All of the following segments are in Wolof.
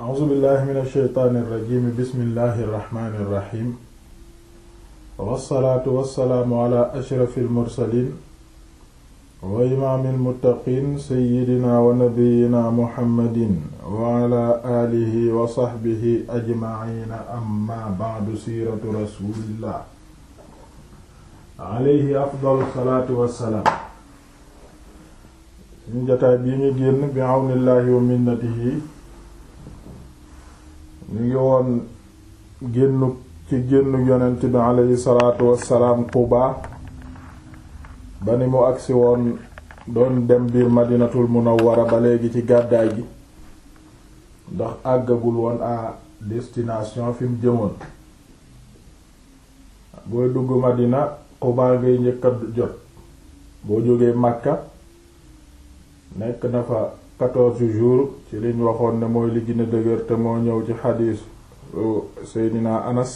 a'uuzu billahi mina shaytaani rajiim bismillahi rahmaani rahiim wassalaatu wassalaamu ala ashrafil mursaliin wa imaamil muttaqiin sayyidina wa nabiyyina muhammadin wa ala aalihi wa sahbihi ajma'iina amma ba'du siiratu rasuulillah alayhi afdalu salaatu wassalaam suñu jotaay bii ñu génn bi awnillahi wa minnatihi ñu ngi woon génnu ci génnu yonent bi aleyhi salaatu wassalaam Quba ba ni mu agsi woon doon dem biir madinatul munawwara ba léegi ci gàddaay gi ndax àggagul woon à destination fi mu jëmoon booy dugg madina Quba ngay njëkk jot boo jógee Makka nekk na fa quatorze jours ci liñ waxoon ne mooy li gën dëgër te moo ñëw ci xadiis seydina anas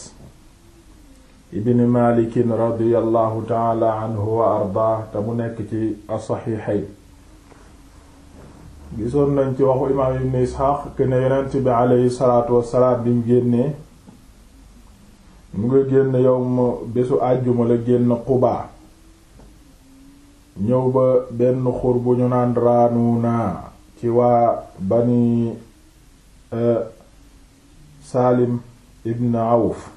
ibn malikin radiallahu taala anhu wa arda te mu nekk ci asaxiixayn gisoon nañ ci waxu imaam ibn isxaaq que ne bi aleyhi salaatu wassalaam bi génnee mu nga génn yowma bésu àjjuma la génn xubaa ñëw ba benn xur bu ñu naan raanu naa ci waa bani e, Salim ibn Awf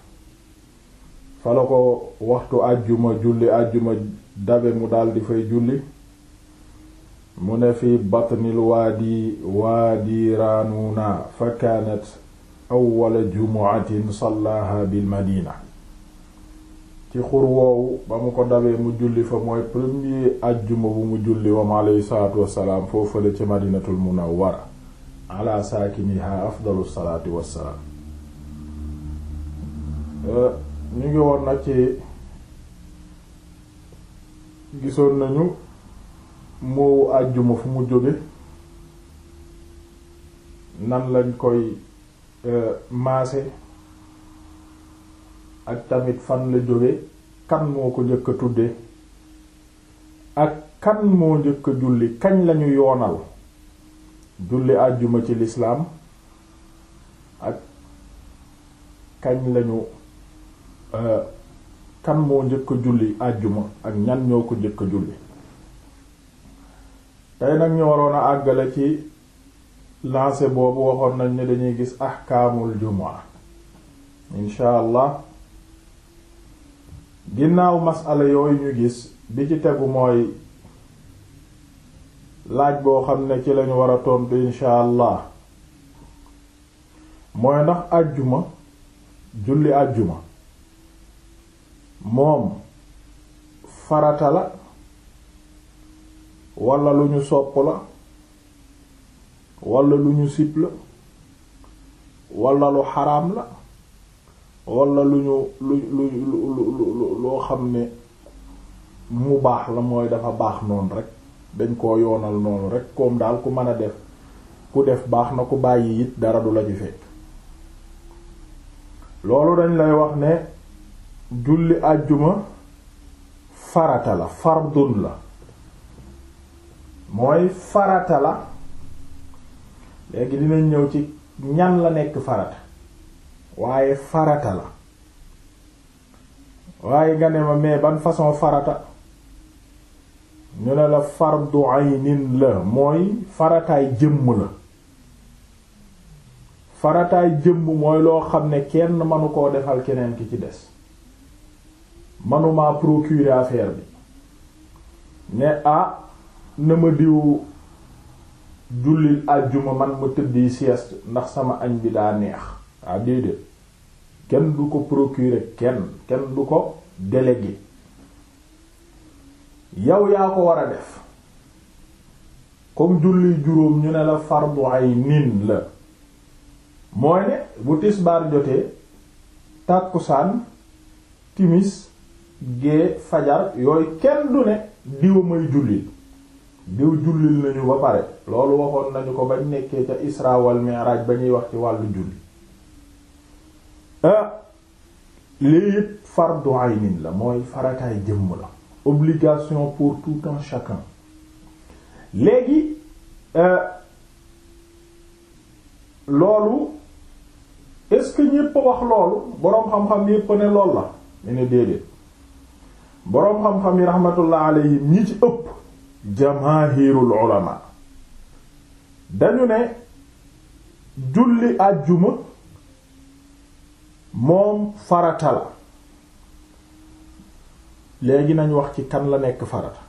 fa la ko waxtu àjjuma julli àjjuma dabe mu daldi fay julli mu ne fi batnil waadi waadi raanuna fa kaanat awwala jumu'atin sallaha bil madina ci xur woowu ba mu ko dawee mu julli fa mooy premier ajjuma bu mu julli wam aleyhi salaatu wassalaam foofale ci madinatul munawwara ala saakiniha afdalu salaatu wassalaam ñu ngi woon na ci gisoon nañu moowu ajjuma fu mu jóge nan lañ koy eh, maase ak tamit fan la jóge kan moo ko njëkk tudde ak kan moo njëkk julli kañ lañu yoonal julli àjjuma ci lislaam ak kañ lañu euh, kan moo njëkk julli àjjuma ak ñan ñoo ko njëkk a julli tey nag ñu waroon a àggale ci lancé boobu waxoon nañ ne dañuy gis ahkaamul jumaa insha allah ginnaaw masale yooyu ñu gis bi ci tegu mooy laaj boo xam ne ci lañu war a tontu insha allah mooy ndax àjjuma julli àjjuma moom farata la walla lu ñu sopp la walla lu ñu sib la walla lu xaraam la wala lu ñu lu lu lu loo xam ne mu baax la mooy dafa baax noonu rek dañ koo yoonal noonu rek koom daal ku mën a def ku def baax na ku bàyyi it dara du la fekk loolu dañ lay wax ne julli àjjuma farata la fardun la mooy farata la léegi dinañ ñëw ci ñan la nekk farata waaye farata la waaye nga ne ma mais ban façon farata ñu ne la fardu aynin la mooy farataay jëmm la farataay jëmm mooy loo xam ne kenn manu koo defal keneen ki ci des manuma procurer affaire bi ne ah na ma diw jullil àjjuma man ma tëddi sieste ndax sama añ bi daa neex ah déedéet kenn du ko procurer kenn kenn du ko déléguer yow yaa ko war a def comme julli juróom ñu ne la fardu aynin la mooy ne bu tisbaar jotee tàkkusaan timis gée fajar yooyu kenn du ne diw may jullil diw jullil nañu ba pare loolu waxoon nañu ko bañ nekkee ca isra wal ba ñuy wax ci wàllu julli ah lii yëpp fardu aynin la mooy farataay jëmm la obligation pour tout un chacun léegi euh, loolu est-ce que ñépp wax loolu boroom xam-xam yépp ne lool la ñu ne déedéet boroom xam-xam yi rahmatullah alayhim ñi ci ëpp jamaahirul ulama dañu ne julli àjjuma moom farata la léegi nañu wax ci kan la nekk farata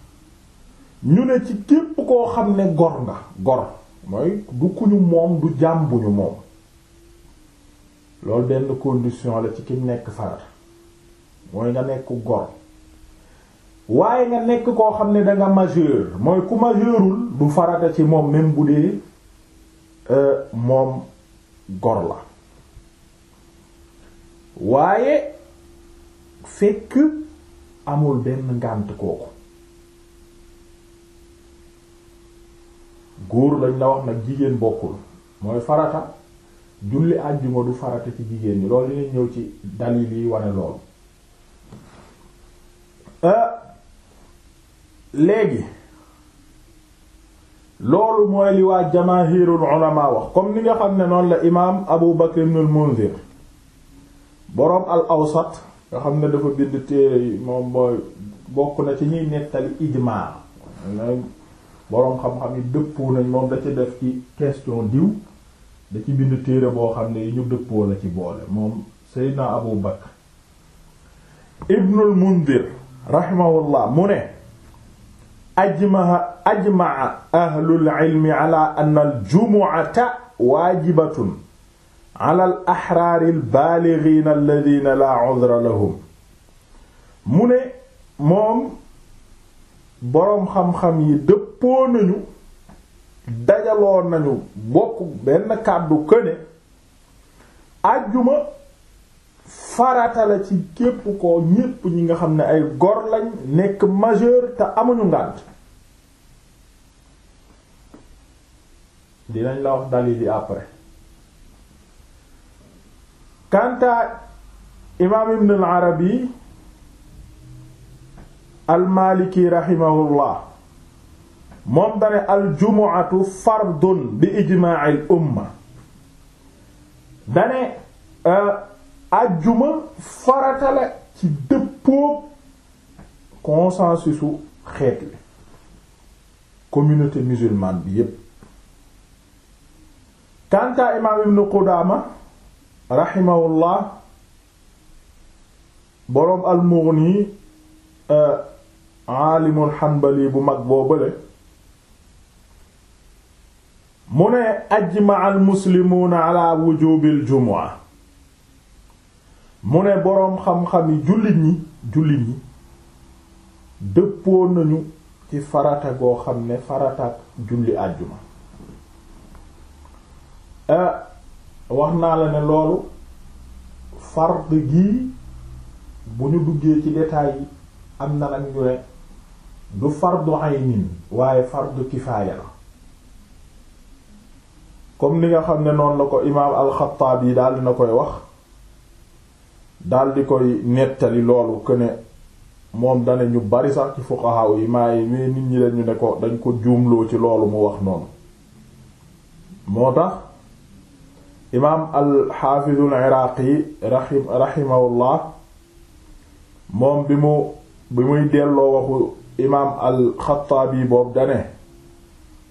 ñu ne ci képp koo xam ne gor nga gor mooy du ku ñu moom du jaam bu ñu moom loolu benn condition la ci kim nekk farata mooy nga nekk gor waaye nga nekk koo xam ne danga majeur mooy ku majeurul du farata ci moom même bu dee euh, moom gor la waaye fekk amul benn ngànt kooku góor lañ la wax nag jigéen bokkul mooy farata julli àjjuma du farata ci jigéen ñi loolu dinañ ñëw ci dalil yi wane loolu euh, léegi loolu mooy li waa jamaahirul ulama wax comme ni nga xam ne noonu la imaam Abu Bakr ibn al boroom al awsat nga xam ne dafa bind téere yi moom mooy bokk na ci ñuy nettali ijmaa boroom xam-xam yi dëppoo nañ moom da ci def ci question diw da ci bind téere boo xam ne yi ñu dëppoo la ci boole moom Seydina Abu Bakr Ibnul Mundir rahimahullah mu ne ajmaa ajmaa ahlul ilmi ala al jumu'ata waajibatun alal axraaril baaligiina alladiina laa udra lahum mu ne moom boroom xam-xam yi dëppoo nañu dajaloo nañu bokk benn kàddu këne àjjuma farata la ci képp ko ñépp ñi nga xam ne ay gor lañ nekk majeur te amuñu ngànt dinañ la wax dalil yi après kanta imaam ibn arabi al maliki moom dane al jumu'atu fardun bi ijmaa'il umma dane euh, ajjuma farata la ci dëppoo consensusu xeet communauté musulmane bi yépp kanta imaam ibn qudama raximahullah boroom al-Mughni euh, aalimul xanbali bu mag boobale mu ne ajmaa almuslimuuna ala wujubil jumaa mu ne boroom xam-xami jullit ñi jullit ñi dëppoo nañu ci farata goo xam ne farataak julli àjjuma euh, wax naa la ne loolu fard gii bu ñu duggee ci détails yi am na nag ñu ne du fardu aynin waaye fardu kifaaya la comme ni nga xam ne noonu la ko imaam alxataab yi daal na koy wax daal di koy nettali loolu que ne moom dane ñu bari sax ci fuqaha yi maaye mais nit ñi dañu ne ko dañ ko juumloo ci loolu mu wax noonu moo tax imaam alxaafizul iraaqi raxim raximahullah moom bi mu bi muy delloo waxu imaam alxataabi boobu dane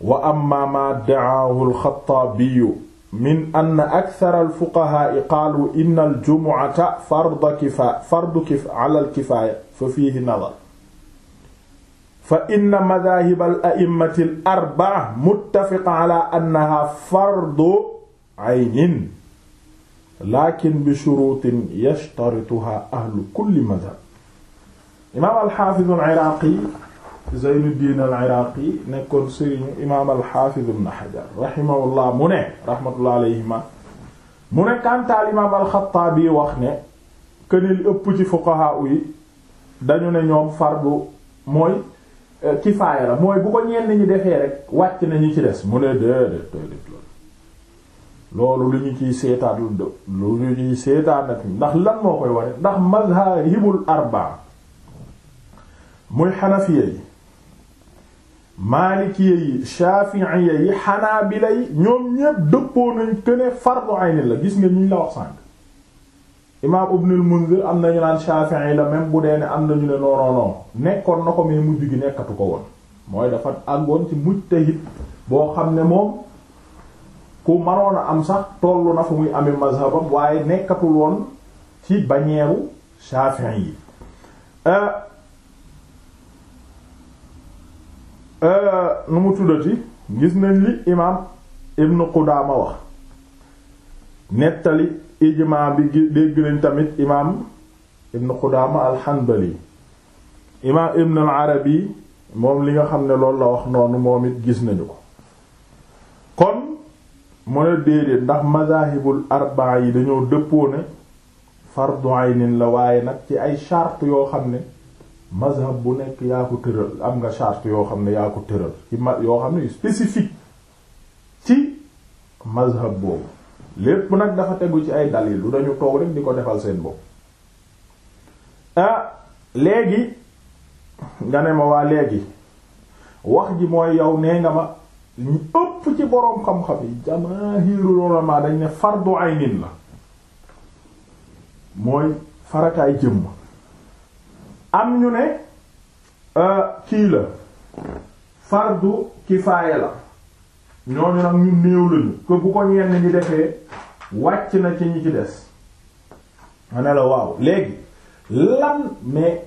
wa amma maa da'aahu alxataabiyu min ann akthar alfuqahaai qaalu inna aljumuata fardu kifaaya fardu ala alkifaaya fa fiihi nadar fa inna madaahib al a'immati al arba'a muttafiqa ala annaha fardu aynin lakin bi shuruutin yashtarituha ahlu kulli madhab imaam alxaafiz al-Iraaqi Zeynuddin al-Iraaqi nekkoon sëriñu imaam alxaafiz ibn Hajar rahimahullah mu ne rahmatullah alayhima mu ne kantaal imaam alxattaabi wax ne kënil ëpp ci fuqahaa yi dañu ne ñoom fardu mooy eh, kifaaya la mooy bu ko ñenn ñi defee rek wàcc nañu ci des mu ne déedéet déedéet loolu lu ñu ciy seetaat lu ñu ciy seetaat ndax lan moo koy ware ndax mazahibul arbaa muy xanafiya yi maalikiya yi shafiiya yi bi yi ñoom ñépp dëppoo nañ këne fardu ayni la gis nga ñu la wax sànk imaam ibnul munzir am nañu naan shafiiya la même bu dee ne am nañu ne noonoonoo nekkoon na ko mais mujj gi nekkatu ko woon mooy dafa àggoon ci mujtahid boo xam ne moom ku mënoon am sax tollu na fu muy amee mazhabam waaye nekkatul woon ci bañeeru Shafi'i yi euh, euh, nu mu tuddati gis nañ li imaam Ibn Qudaama wax nettali ijmaa bi dégg nañ tamit imaam Ibn Qudaama al imaam Ibn arabi moom li nga xam ne loolu la wax noonu moom it gis nañu ko kon mu ne déedéet ndax madahibul arbaa yi dañoo dëppoo ne fardu aynin la waaye nag ci ay charte yoo xam ne mazhab bu nekk yaa ko tëral am nga charte yoo xam ne yaa ko tëral ci ma yoo xam ne spécifique ci mazhab boobu lépp nag dafa tegu ci ay dalil lu dañu toog rek di ko defal seen bopp ah léegi nga ne ma waa léegi wax ji mooy yow nee nga ma ñu ci boroom xam-xam yi jamaahirul ulama dañ ne fardu aynin la mooy farataay jëmm am ñu ne euh, kii la fardu kifaaya la ñooñu nag ñu néew lañu que bu ko ñenn ñi defee wàcc na ci ñi ci des ma ne la waaw léegi lan mais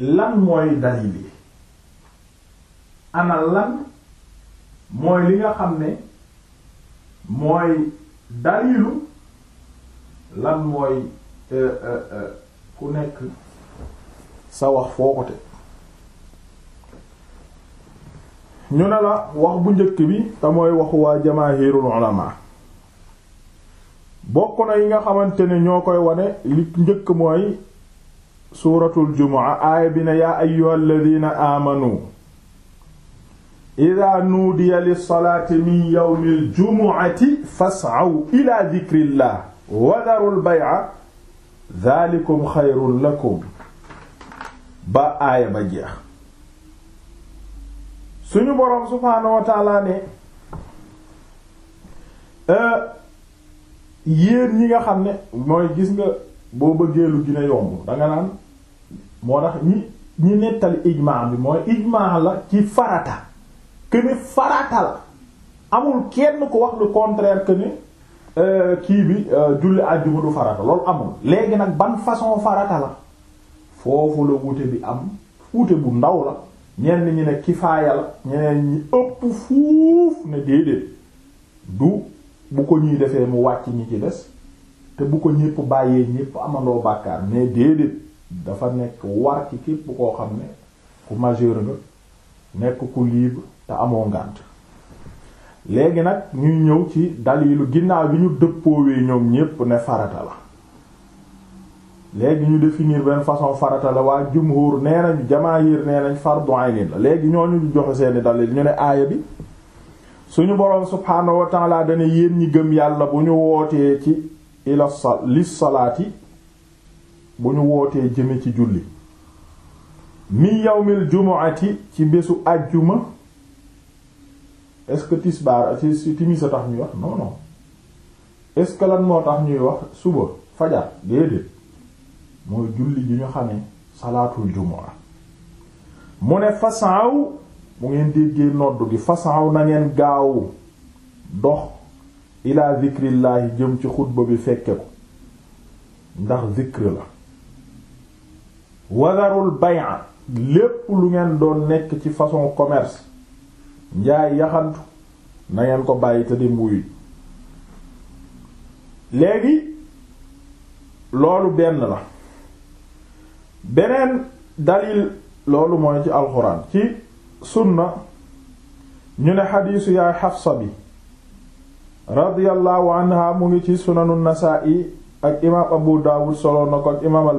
lan mooy dalil yi ana lan mooy li nga xam ne mooy dalilu lan mooy euh, euh, euh, ku nekk sa wax foo ko te ñu ne la wax bu njëkk bi te mooy waxu waa jamaahirul ulama bokk na yi nga xamante ne ñoo koy wane li njëkk mooy suuratul jumaa aaya bi ne yaa ayyuhalladhina amanu ida nuudiya lilsalaati min yowmi aljumuati fascaw ila dikrillah wa daru lbayca dalikum xayrun lakum ba aaya ba jeex suñu boroom subhaanahu wa ne yéen ñi nga xam ne mooy gis nga boo bëggee lu gën yomb danga naan moo tax ñi ñi nettali ijmaa bi mooy ijmaa la ci farata que ne farata la amul kenn ku wax lu contraire que euh, kii bi euh, julli àjjuma du farata loolu amul léegi nag ban façon farata la foofu la wute bi am wute bu ndaw la ñenn ñi ne kifaaya la ñeneen ñi ëpp fuuf ne déedéet du bu ko ñuy defee mu wàcc ñi ci des te bu ko ñépp bàyyee ñépp amandoo bàkkaar mais déedéet dafa nekk war ci képp koo xam ne ku majeur nga nekk ku libre te amoo ngànt léegi nag ñuy ñëw ci dalilu ginnaaw bi ñu dëppoowee ñoom ñépp ne farata la léegi ñu définir benn façon farata la waa jumhur nee nañ jamaahir nee nañ fardu ayn la léegi ñooñu ñu joxe seeni dalil ñu ne aaya bi suñu boroom subhaanahu wa dana yéen ñi gëm yàlla bu ñu wootee ci ila lis bu ñu wootee jëme ci julli mi yawmil jumu'ati ci bésu àjjuma est-ce que tisbaar ci timis a tax ñuy wax non non ce que lan moo tax ñuy wax suba fajar déedéet mooy julli ji ñu xamee salaatul jumaa mu ne façon mu ngeen déggee noddu gi façon na ngeen gaaw dox ilaa zikrillaahi jëm ci xutba bi fekke ko ndax zikr la wadarul bay'a lépp lu ngeen doon nekk ci façon commerce njaay yaxantu na ngeen ko bàyyi te di mbuyu léegi loolu benn la beneen dalil loolu mooy ci alxuraan ci sunna ñu ne xadiisu yaay xafsa bi radiyallahu anha mu ngi ci sunanu nasaa'i ak imaam abu daawud solo na ko ak imaam al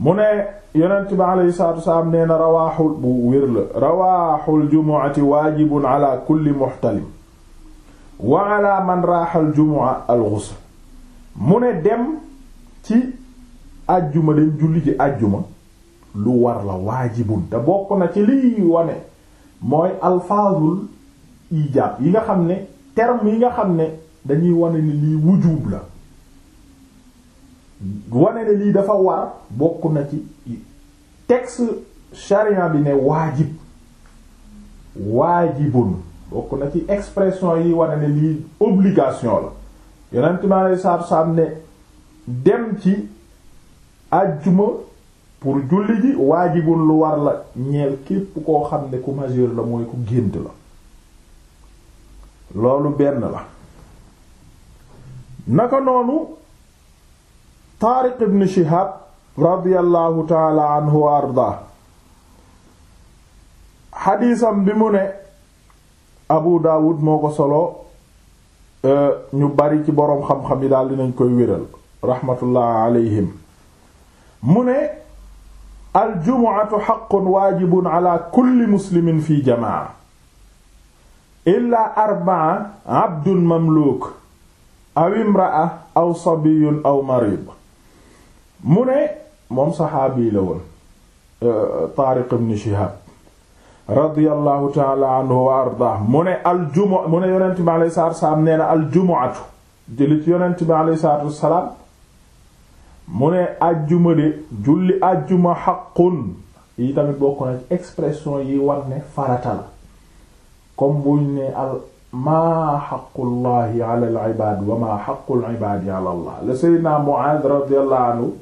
mu ne yonent bi alayhi salaatu wasalaam nee na rawaaxul bu wér la rawaaxul jumuati waajibun ala kulli muxtalim wa ala man raaxal jumua al mu ne dem ci àjjuma dem julli ji àjjuma lu war la waajibun te bokk na ci liy wane mooy alfaazul ijaab yi nga xam ne terme yi nga xam ne dañuy wane ni lii wujub la wane ne lii dafa war bokk na ci tex charia bi ne waajib waajibun bokk na ci expression yi wane ne lii obligation la yonent mi alei saatu salaam ne dem ci àjjuma pour julli ji waajibun lu war la ñeel képp koo xam ne ku majeur la mooy ku gént la loolu benn la naka noonu Taariq ibn Shihab radiyallahu taala anhu wa ardaa xadiisam bi mu ne Abu Daawud moo ko solo e, ñu bari ci boroom xam-xam yi daal dinañ koy wéral raxmatullah alayhim mu ne aljumuatu xaqun waajibun ala kulli muslimin fi jamaa illaa arbaa abdun mamluuk aw imraa aw sabiyun aw marid mu ne moom saxaabi la woon euh, Taariq ibn Shihab radiyallahu taala anhu wa ardaa mu ne aljuma mu ne yonent bi alayhi salaatu julli àjjuma xaqun yi tamit bokk ci expression yi war farata la comme buñ ne al maa xaqullahi ala al ala la sayyidina Muaaz radiyallahu anhu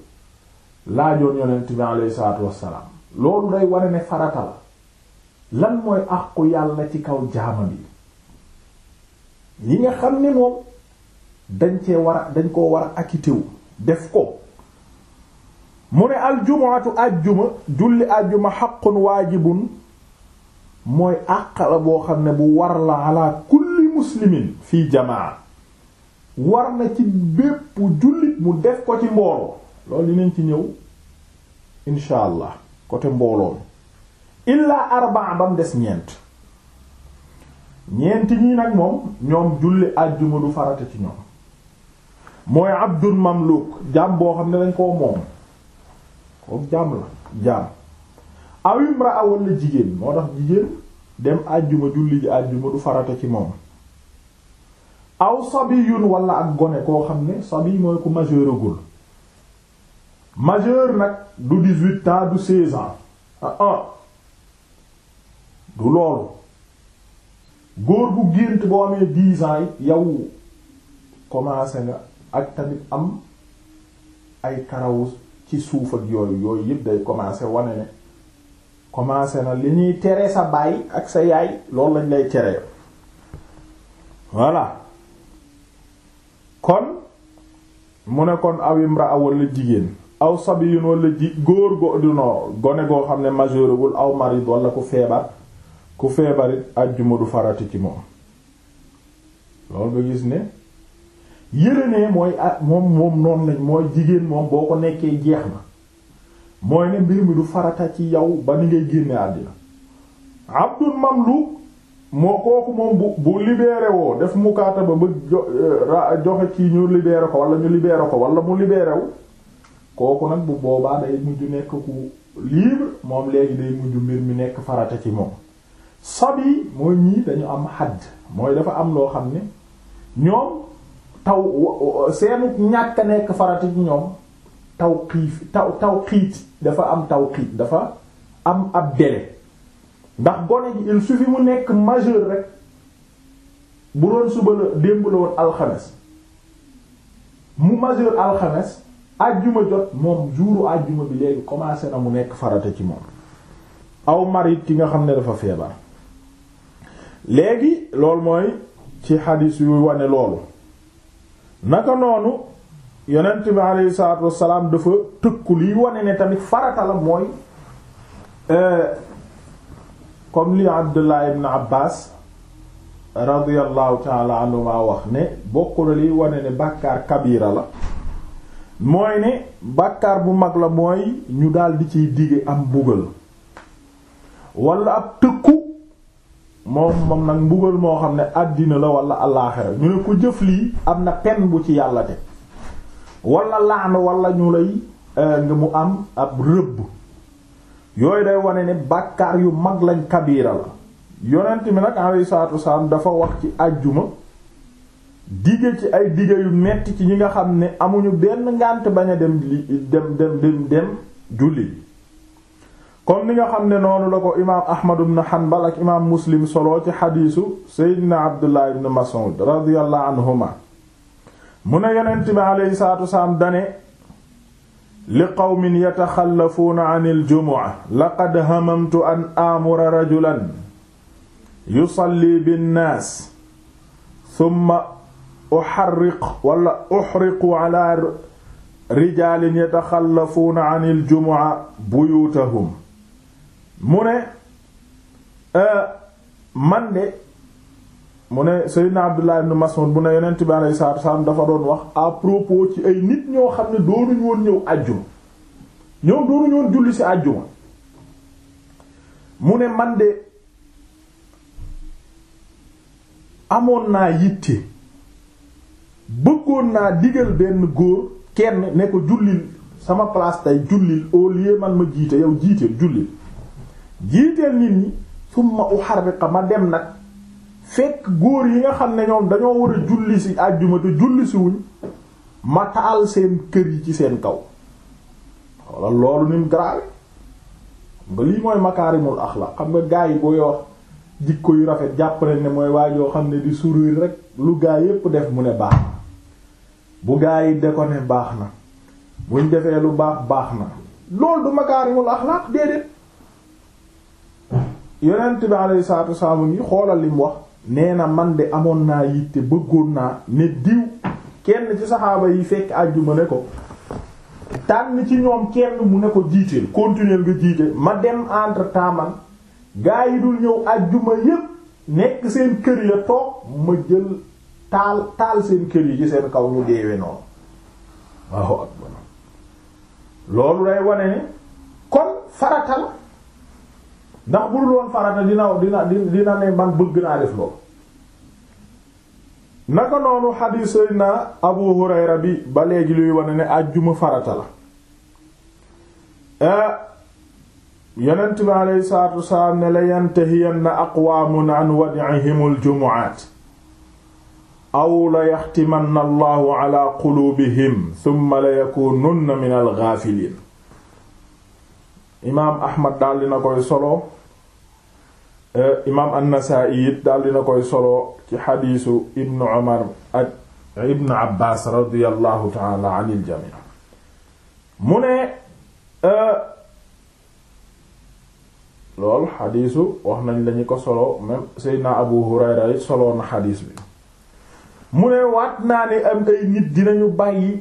laajoon yonent bi alayhi salaatu wassalaam loolu day ware ne farata la lan mooy àqu yàlla ci kaw jaamam yi yi nga xam ni moom dañ cee war dañ koo war a acquitté wu def ko mu ne aljumuatu àjjuma julli àjjuma xaqun waajibun mooy àq la boo xam ne bu war la ala kulli muslimin fii jamaa war na ci bépp jullit mu def ko ci mbooloo loolu nañ ci ñëw incha allah côté mbooloo illaa arbaa ba des ñeent ñeenti ñii nag moom ñoom julli àjjuma du farata ci ñoom mooy abdul mamluk jaam boo xam ne dañ koo moom kooku jaam la jaam aw imraa walla jigéen moo tax jigéen dem àjjuma julli ji àjjuma du farata ci moom aw sabiyun walla ak gone koo xam ne sabi mooy ku majeuragul majeur nag du dix-huit ans du seize ans ah, ah. du loolu góor bu gént boo amee dix ans yi yow commencé nga ak tamit am ay karaw ci suuf ak yooyu yooyu yëpp day commencé wane ne commencé na li ñuy tere sa baay ak sa yaay loolu lañ lay tere voilà kon mu ne kon awimra awal la jigéen aw sabiyun wala ji góor go du noo gone goo xam ne majeurewul aw marid wala ku feebar ku feebarit ajjuma du farata ci moom loolu nga gis ne yërenee mooy ah moom moom noonu lañ mooy jigéen moom boo ko nekkee jeex na mooy ne mbir mi du farata ci yow ba ni ngay génne àddina abdul mamluk moo kooku moom bu bu libéré woo def mukaata ba ba eh, joxe ci ñu libéré ko wala ñu libéré ko wala mu libéré kooku nag bu boobaa day mujj nekk ku libre moom léegi day mujj mbir mi nekk farata ci moom sabi mooy nii dañu am xadd mooy dafa am loo xam ne ñoom taw seenu ñàkk nekk farata ci ñoom taw xiif taw taw xiit dafa am taw xiit dafa am ab délai ndax gone ji il suffit mu nekk majeur rek bu doon suba la démb la woon mu majeur alxames ajjuma jot moom jouru ajjuma bi léegi commencé na mu nekk farata ci moom aw marit ki nga xam ne dafa feebar léegi loolu mooy ci xadiis yu wane loolu naka noonu yonent bi aleyhi salaatu wassalaam dafa tëkku liy wane ne tamit farata la mooy euh, comme li Abdullah ibn Abbas radiyallahu taala anhuma wax ne bokku la liy wane ne bàkkaar kabira la mooy ne bàkkaar bu mag la mooy ñu daldi ciy dige am mbugal wala ab tëkku moom moom nag mbugal moo xam ne àddina la wala allaaxira ñu ne ko jëf lii am na pen bu ci yàlla te wala laan walla ñu lay eh, nga mu am ab rëbb yooyu day wane ne bàkkaar yu mag lañ kabiira la yonent mi nag alayhi salaatu wasalaam dafa wax ci àjjuma dige ci ay dige yu metti ci ñi nga xam ne amuñu benn ngànt bañ a dem dem dem dem dem julli nga xam ne noonu la ko imaam ahmad ibn hanbal ak imaam muslim solo ci xadiisu seydina abdullah ibn mas'ud radiyallahu anhuma mu ne yonent bi aleyhi salaatu wasalaam dane li qawmin yataxallafuuna an an aamura rajulan yusalli binnaas uxarriq wala uxriqu ala rijaalin yataxallafuuna an iljumuca buyuutahum mu ne man de mu ne Seydina Abdullah ibn Mas'ud mu ne yonent bi alayhi salaatu dafa doon wax à ci ay nit ñoo xam ne doonuñu woon ñëw àjjuma ñoom doonuñu woon julli ci àjjuma mu ne man de amoon naa yitte bëggoon naa digal benn góor kenn ne ko jullil sama place tey jullil au lieu man ma jiite yow jiiteel jullil jiiteel nit ñi summa uharriqa ma dem nag fekk góor yi nga xam ne ñoom dañoo war a julli si àjjuma te julli si wuñ ma taal seen kër yi ci seen kaw walla loolu nim grave ba lii mooy makaarimul axlaq xam nga gaa yi booy wax jikko yu rafet jàpp ne mooy yoo xam ne di sourire rek lu gaa yépp def mu ne baax bu gaa yi de ko ne baax na buñ defee lu baax baax na loolu du makaarimul axlaaq déedéet yonent bi alayhi salaatu wasalaam ngi xoolal lim wax nee na man de amoon naa yitte bëggoon naa ne diw kenn ci saxaaba yi fekk àjjuma ne ko tànn ci ñoom kenn mu ne ko jiiteel continuer nga jiite ma dem entre temps man gaa yi dul ñëw àjjuma yépp nekk seen kër ya toog ma jël taal taal seen kër yi ci seen kaw ñu deewe noonu loolu day wane ni kon farata la ndax bu dul woon farata dina dina dina ne man bëgg naa def loolu naka noonu xadiis Seydina Abu Hurayra bi ba léegi luy wane ne àjjuma farata la eh, yonent bi aleyhi salaatu wasalaam ne la yantahiyanna aqwaamun an wad'ihimul jumu'aat aw la yaxtimanna allahu ala quluubihim thumma la yakununna min algaafiliin imaam ahmad daal dina koy solo eh, imaam annasaa'i it daal dina koy solo ci xadiisu ibnu omar ak ibnu abbaas radiallahu taala an iljami mu ne eh, lool xadiisu wax nañ lañu ko solo même seydna abu hurayra it solo na xadiis bi mu ne waat naa ne am ay nit dinañu bàyyi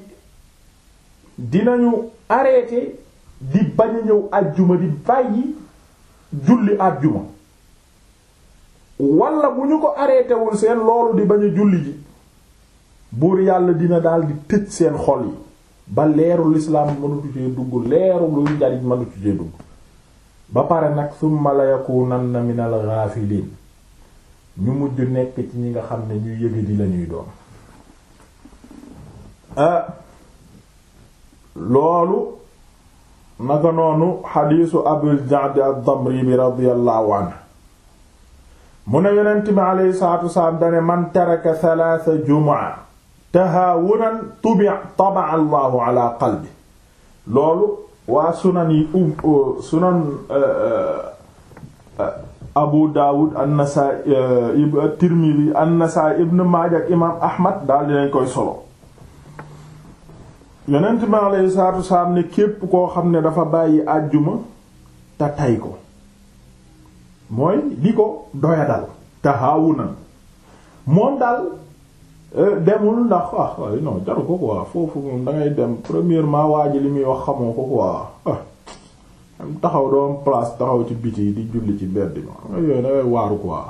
dinañu arrêté di bañ a ñëw àjjuma di bàyyi julli àjjuma wala bu ñu ko arrêté wul seen loolu di bañ a julli ji buur yàlla dina daal di tëj seen xol yi ba leeru lislaam mënutu cee dugg leeru luy njariñ mënutu ci dugg ba pare nag summa la yakunanna minal ghafilin ñu mujj nekk ci ñi nga xam ne ñu yëge di lañuy doon ah, loolu naka noonu xadiisu abul ja'd ad-damri bi radiyallahu anhu mu ne yonent bi aleyhi salaatu wasalaam dane man taraka salaasa jumaa tahaawunan tubi tabaa allahu ala qalbi loolu waa sunan yi um, uh, sunan uh, uh, Abu Dawud An-Nasa'i euh, Tirmidhi an Ibn Maaja imaam Ahmad daal dinañ koy solo yonent mi alayhi salaatu wasalaam ne képp koo xam ne dafa bàyyi àjjuma te tay ko mooy di ko doya te haawu moom daal euh, demul ndax ah non jaru ko quoi foofu moom dangay dem premièrement waa ji li muy wax xamoo ko quoi ah. taxaw doom place taxaw ci biti di julli ci mbedd bi ma yooyu dangay waaru quoi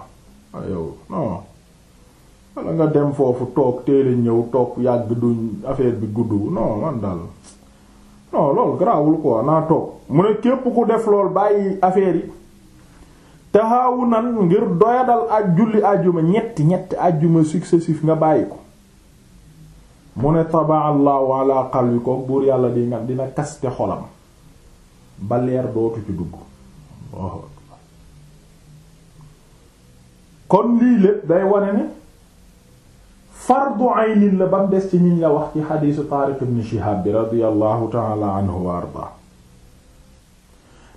yow non wala nga dem foofu toog téele ñëw toog yàgg duñ affaire bi gudd non man daal non loolu garaawul quoi naa toog mu ne képp ku def lool bàyyi affaire yi taxaawu nan ngir doyadal ak julli àjjuma ñetti ñetti àjjuma successif nga bàyyi ko mu ne taba allahu ala qalbi ko buur yàlla di nga dina kaste xolam ba leer dootu ci dugg kon lii lépp day wane ne fardu aynin la ba mu des ci ñiñ la wax ci xadiisu Taariq ibn Shihaab bi radiyallahu ta'ala anhu wa ardaa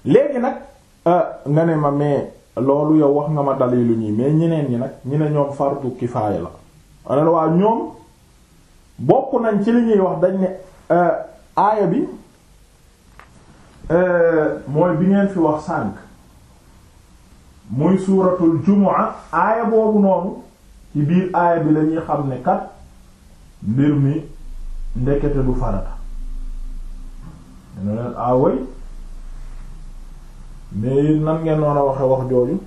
léegi nag euh, nga ne ma mais loolu yow wax nga ma dalilu ñii mais ñeneen ñi nag ñu ne ñoom fardu kifaaya la alors ñoom bokk nañ ci li ñuy wax dañ ne euh, aaya bi Euh, mooy bi ngeen fi wax sànk muy suuratul jumaa aaya boobu noonu ci biir aaya bi lañuy xam ni kat mbir mi ndekete du farata ne leen aaway ah mais nan ngeen noon a waxe wax jooju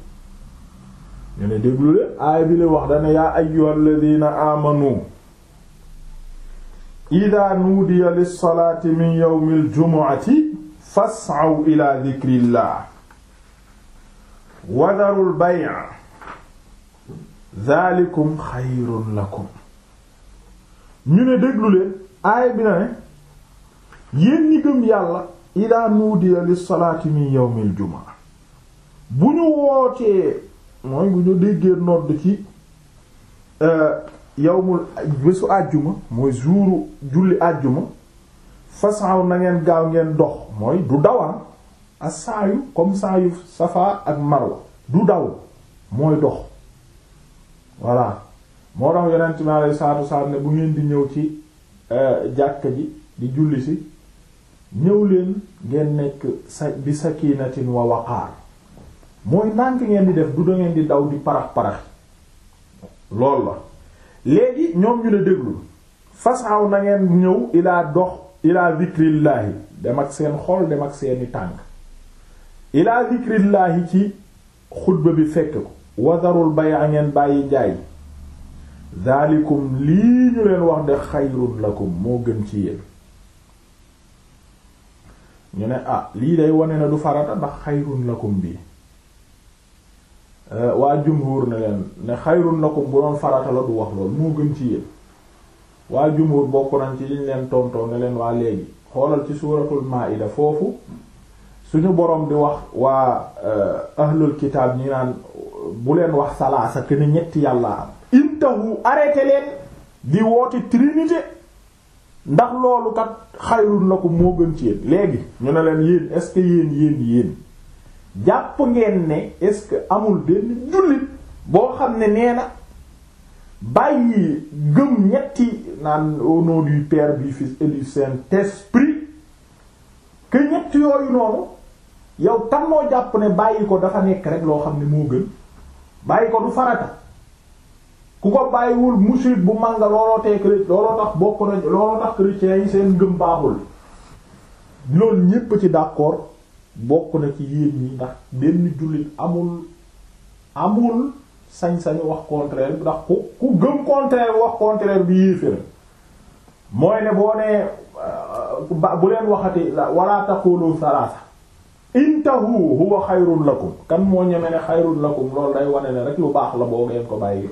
ñu ne déglu leen aaya bi li wax dana yaa ayyuhal ladina amanu idaa nuudiya lis salaati min yawmil jumu'ati fas'aw ila dhikrillah wa dharul bay' dhalikum khayrun lakum ñu ne déglu leen aaya bi na ne yéen ñi gëm yàlla ila nuudiya lissalaati min yawmil jumaa bu ñu wootee mooy bu ñu déggee nodd ci euh, yawmul bésu àjjuma mooy juuru julli àjjuma fasaw na ngeen gaaw ngeen dox mooy du dawam ah. ak saayu comme saayu safa ak marwa du daw mooy dox voilà moo tax yonent mi alayhi salaatu ne bu ngeen di ñëw ci euh, jàkka ji di julli si ñëw leen ngeen nekk bi sakinatin wa waqaar mooy nànk ngeen di def du da di daw di parax parax lool la léegi ñoom ñu ne déglu fasaw nangeen ñëw ilaa dox ilaa zikrillaahi dem ak seen xol dem ak seeni tànk ilaa zikrillaahi ci xutba bi fekk ko wazarul bay'a ngeen bàyyi njaay daalikum lii ñu leen wax de xayrun lakum moo gën ci yéen ñu ne ah lii day wane na du farata ndax xayrun bii euh, waa jumhur ne leen ne xayrun lakum bu doon farata la du wax lool moo gën ci yéen waa jumhur bokk nañ ci liñ leen tontoo ne leen waa léegi xoolal ci suuratul maa'ida foofu suñu boroom di wax waa euh, ahlul kitaab ñi naan bu leen wax salaasa te ne ñetti yàlla am intahu arrêté leen di woote trinité ndax loolu kat xayrun ko moo gën ci yéen léegi ñu ne leen yéen est ce que yéen jàpp ngeen ne est ce que amul benn jullit boo xam ne nee bàyyi gëm ñetti naan au nom du Père du Fils et du Saint-Esprit que ñetti yooyu noonu yow tam moo jàpp ne bàyyi ko dafa nekk rek loo xam ne moo gën bàyyi ko du farata ku ko bàyyiwul mushrik bu mànga looloo tee looloo tax yi seen gëm baaxul loolu ñépp ci d'accord bokk na ci yéen ñi ndax benn jullit amul amul sañ-sañu wax contraire bi ndax ku ku gëm contraire wax contraire bi yéeféra mooy ne boo nee euh, bu leen waxati wala taqulu salaasa intahu huwa xayrun lakum kan moo ñeme ne xayrun lakum loolu day wane ne rek lu baax la boo ngeen ko bàyyi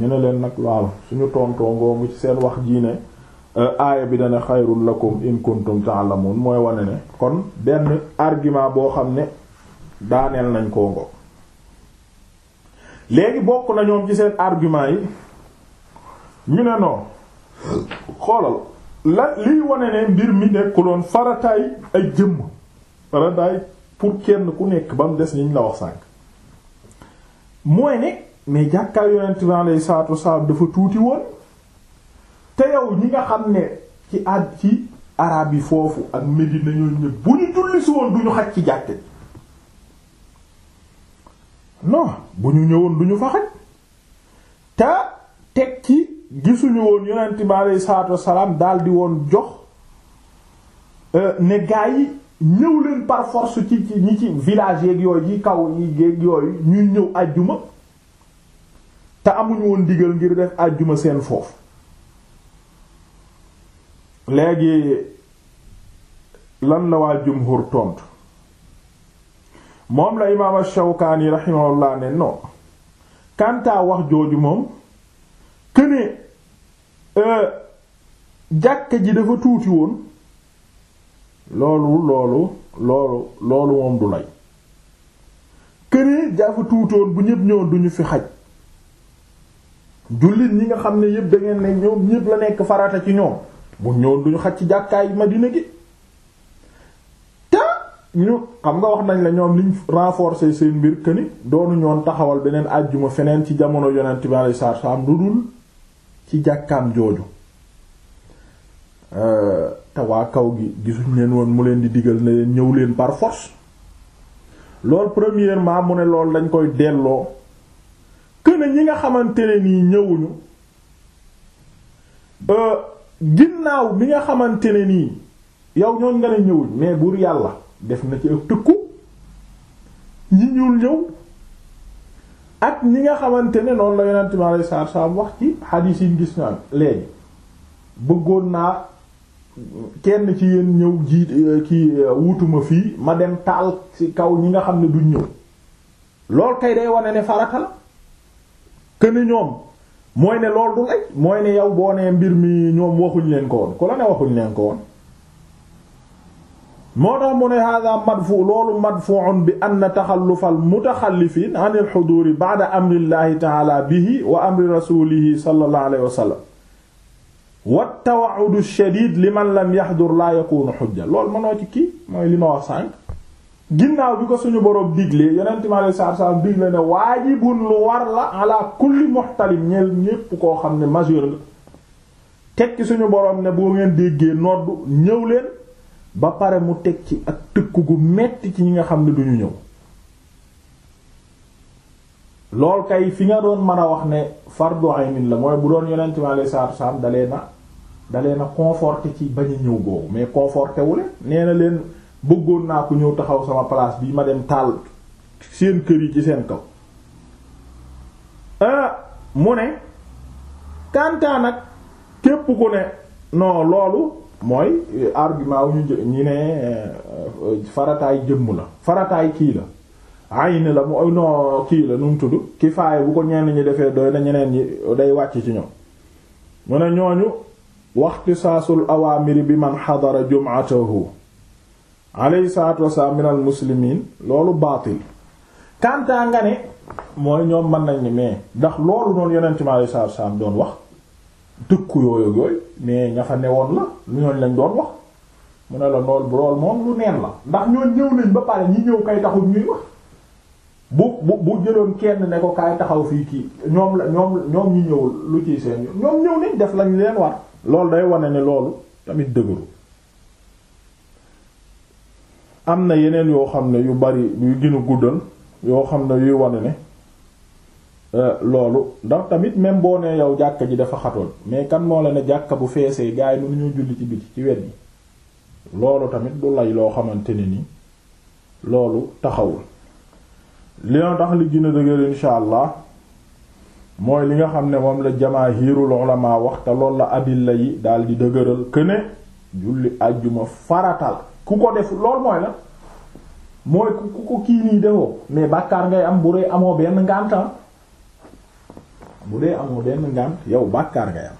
ñu ne leen nag waaw suñu tontoo ngoogu ci seen wax jii ne euh, aaya bi dana xayrun lakum in kuntum ta'lamun mooy wane ne kon benn argument boo xam ne daaneel nañ koo ngo léegi bokk na ñoom ci seen argument yi ñu ne non xoolal la liy wane ne mbir mi nekkuloon farataay ay jëmm farataay pour kenn ku nekk ba mu des ni ñu la wax sànk mooy ne mais jàkkaar yonent bi alayhi salaatu dafa tuuti woon te yow ñi nga xam ne ci àdd ci arab yi foofu ak Médine ñoo ñëpp bu ñu julli woon du ñu xaj ci jàkk non bu ñu ñëwoon du ñu fa xaj te teg ci gisuñu woon yonent bi aleyhi salaatu wassalaam daal di woon jox euh, ne gaa yi ñëwleen leen par ci ñi ci village yeeg yooyu yi kaw yi yooyu ñuy ñëw àjjuma te amuñu woon digal ngir def àjjuma seen foofu léegi lan la waa jumhur tontu moom la imaam ash-Shawkaani rahimahullah ne non kantaa wax jooju moom këne euh, jàkka ji dafa tuuti woon loolu loolu loolu loolu moom du lay këne dafa tuuti woon bu ñépp ñëwoon duñu fi xaj jullit ñi nga xam ne yépp da ngeen ne ñoom ñépp la nekk faraata ci ñoom bu ñëwoon duñu xaj ci jàkkaay Madina gi ñu xam nga wax nañ la ñoom liñ renforcer seen mbir këni doonu ñoon taxawal beneen àjjuma feneen ci jamono yonent bi alayhi saar salaam lu dul ci jàkkaam jooju euh, te waa kaw gi gisuñ leen woon mu leen di digal ne leen ñëw leen par force loolu premièrement mu ne lool dañ koy delloo këne ñi nga xamante ne nii ñëwuñu euh, ginnaaw bi nga xamante ne nii yow ñoon nga ne ñëwuñ mais buur yàlla def na ci ak tëkku ñi ñuul ñëw ak ñi nga xamante ne noonu la yonent bi alayhi salaatu salaam wax ci xadiis gis naa léegi bëggoon naa kenn ci yéen ñëw jiit euh, ki euh, wutuma fii ma dem taal ci kaw ñi nga xam ne duñ ñëw lool kay day wane ne farata la ñoom mooy ne lool du lay mooy ne yow boo nee mbir mi ñoom waxuñ leen ko woon ku la ne waxuñ leen ko woon moo tax mu ne hada madfu loolu madfuun bi ann taxallufa al mutaxallifin an il xuduuri baada amrillahi taala bihi wa amri rasulihi sallallahu wa sallam wa tawa'udu shadid liman lam yaxdur laa yakunu xujja loolu mënoo ci kii mooy li ma wax sànq ginnaaw bi ko suñu boroom diglee yonent mi salaam digle ne waajibun lu war la ala kulli muxtalim ñépp koo xam ne majeur la tekki suñu boroom ne boo ngeen déggee noddu ñëw leen ba pare mu teg ci ak tëkk gu metti ci ñi nga xam ne duñu ñëw lool kay fi nga doon mën a wax ne fardu aynin la mooy bu doon yonent mi alayhi salaatu salaam dalee na dalee na conforté ci bañ a ñëw googu mais conforté wu leen nee na leen bëggoon naa ko ñëw taxaw sama palaas bi ma dem taal seen kër yi ci seen kaw ah, mu ne kantaa nag képp ku ne non loolu mooy argument ñi ñu jë ñu ne euh, farataay jëmm la farataay kii la ayn la mu no kii la nu mu tudd kifaaya bu ko ñenn ñi defee doy na ñeneen ñi day wàcc ci ñoom mu ne ñooñu waxtisaasul awaamiri bi man xadara jumatahu alayhi salaatu wasalaam min al muslimiin loolu baatil kantaa nga ne mooy ñoom mën nañ ni mais ndax loolu noonu yeneen mi alayhi salaatu wasalaam doon wax dëkku yooyu yooyu mais nga fa newoon la ñooñu lañ doon wax mu ne la lool bu lool moom lu neen la ndax ñooñu ñëw nañ ba pare ñi ñëw kay taxul ñuy wax bu bu bu jëloon kenn ne ko kaay taxaw fii kii ñoom la ñoom ñu ñëwul lu ciy seen ñoom ñëw nañ def lañ leen war loolu day wane ne loolu tamit dëgëru am na yeneen yoo xam ne yu bari yu gën a guddal yoo xam ne yuy wane ne Euh, loolu ndax tamit même boo nee yow jàkk ji dafa xatoon mais kan moo la ne jàkka bu feesee gars yi nu mënuñu julli ci biti ci wet yi loolu tamit du lay loo xamante ne ni loolu taxawul li li gën a allah mooy li nga xam ne moom la jamaa jamaahirul ulama wax te lool la adilla yi daal di dëgëral këne julli àjjuma faratal ku ko def loolu mooy la mooy ku ko kii nii defoo mais bàkkaar ngay am bu rëy amoo benn ngàntam bu dee amoo denn ngànt yow bàkkaar ngay am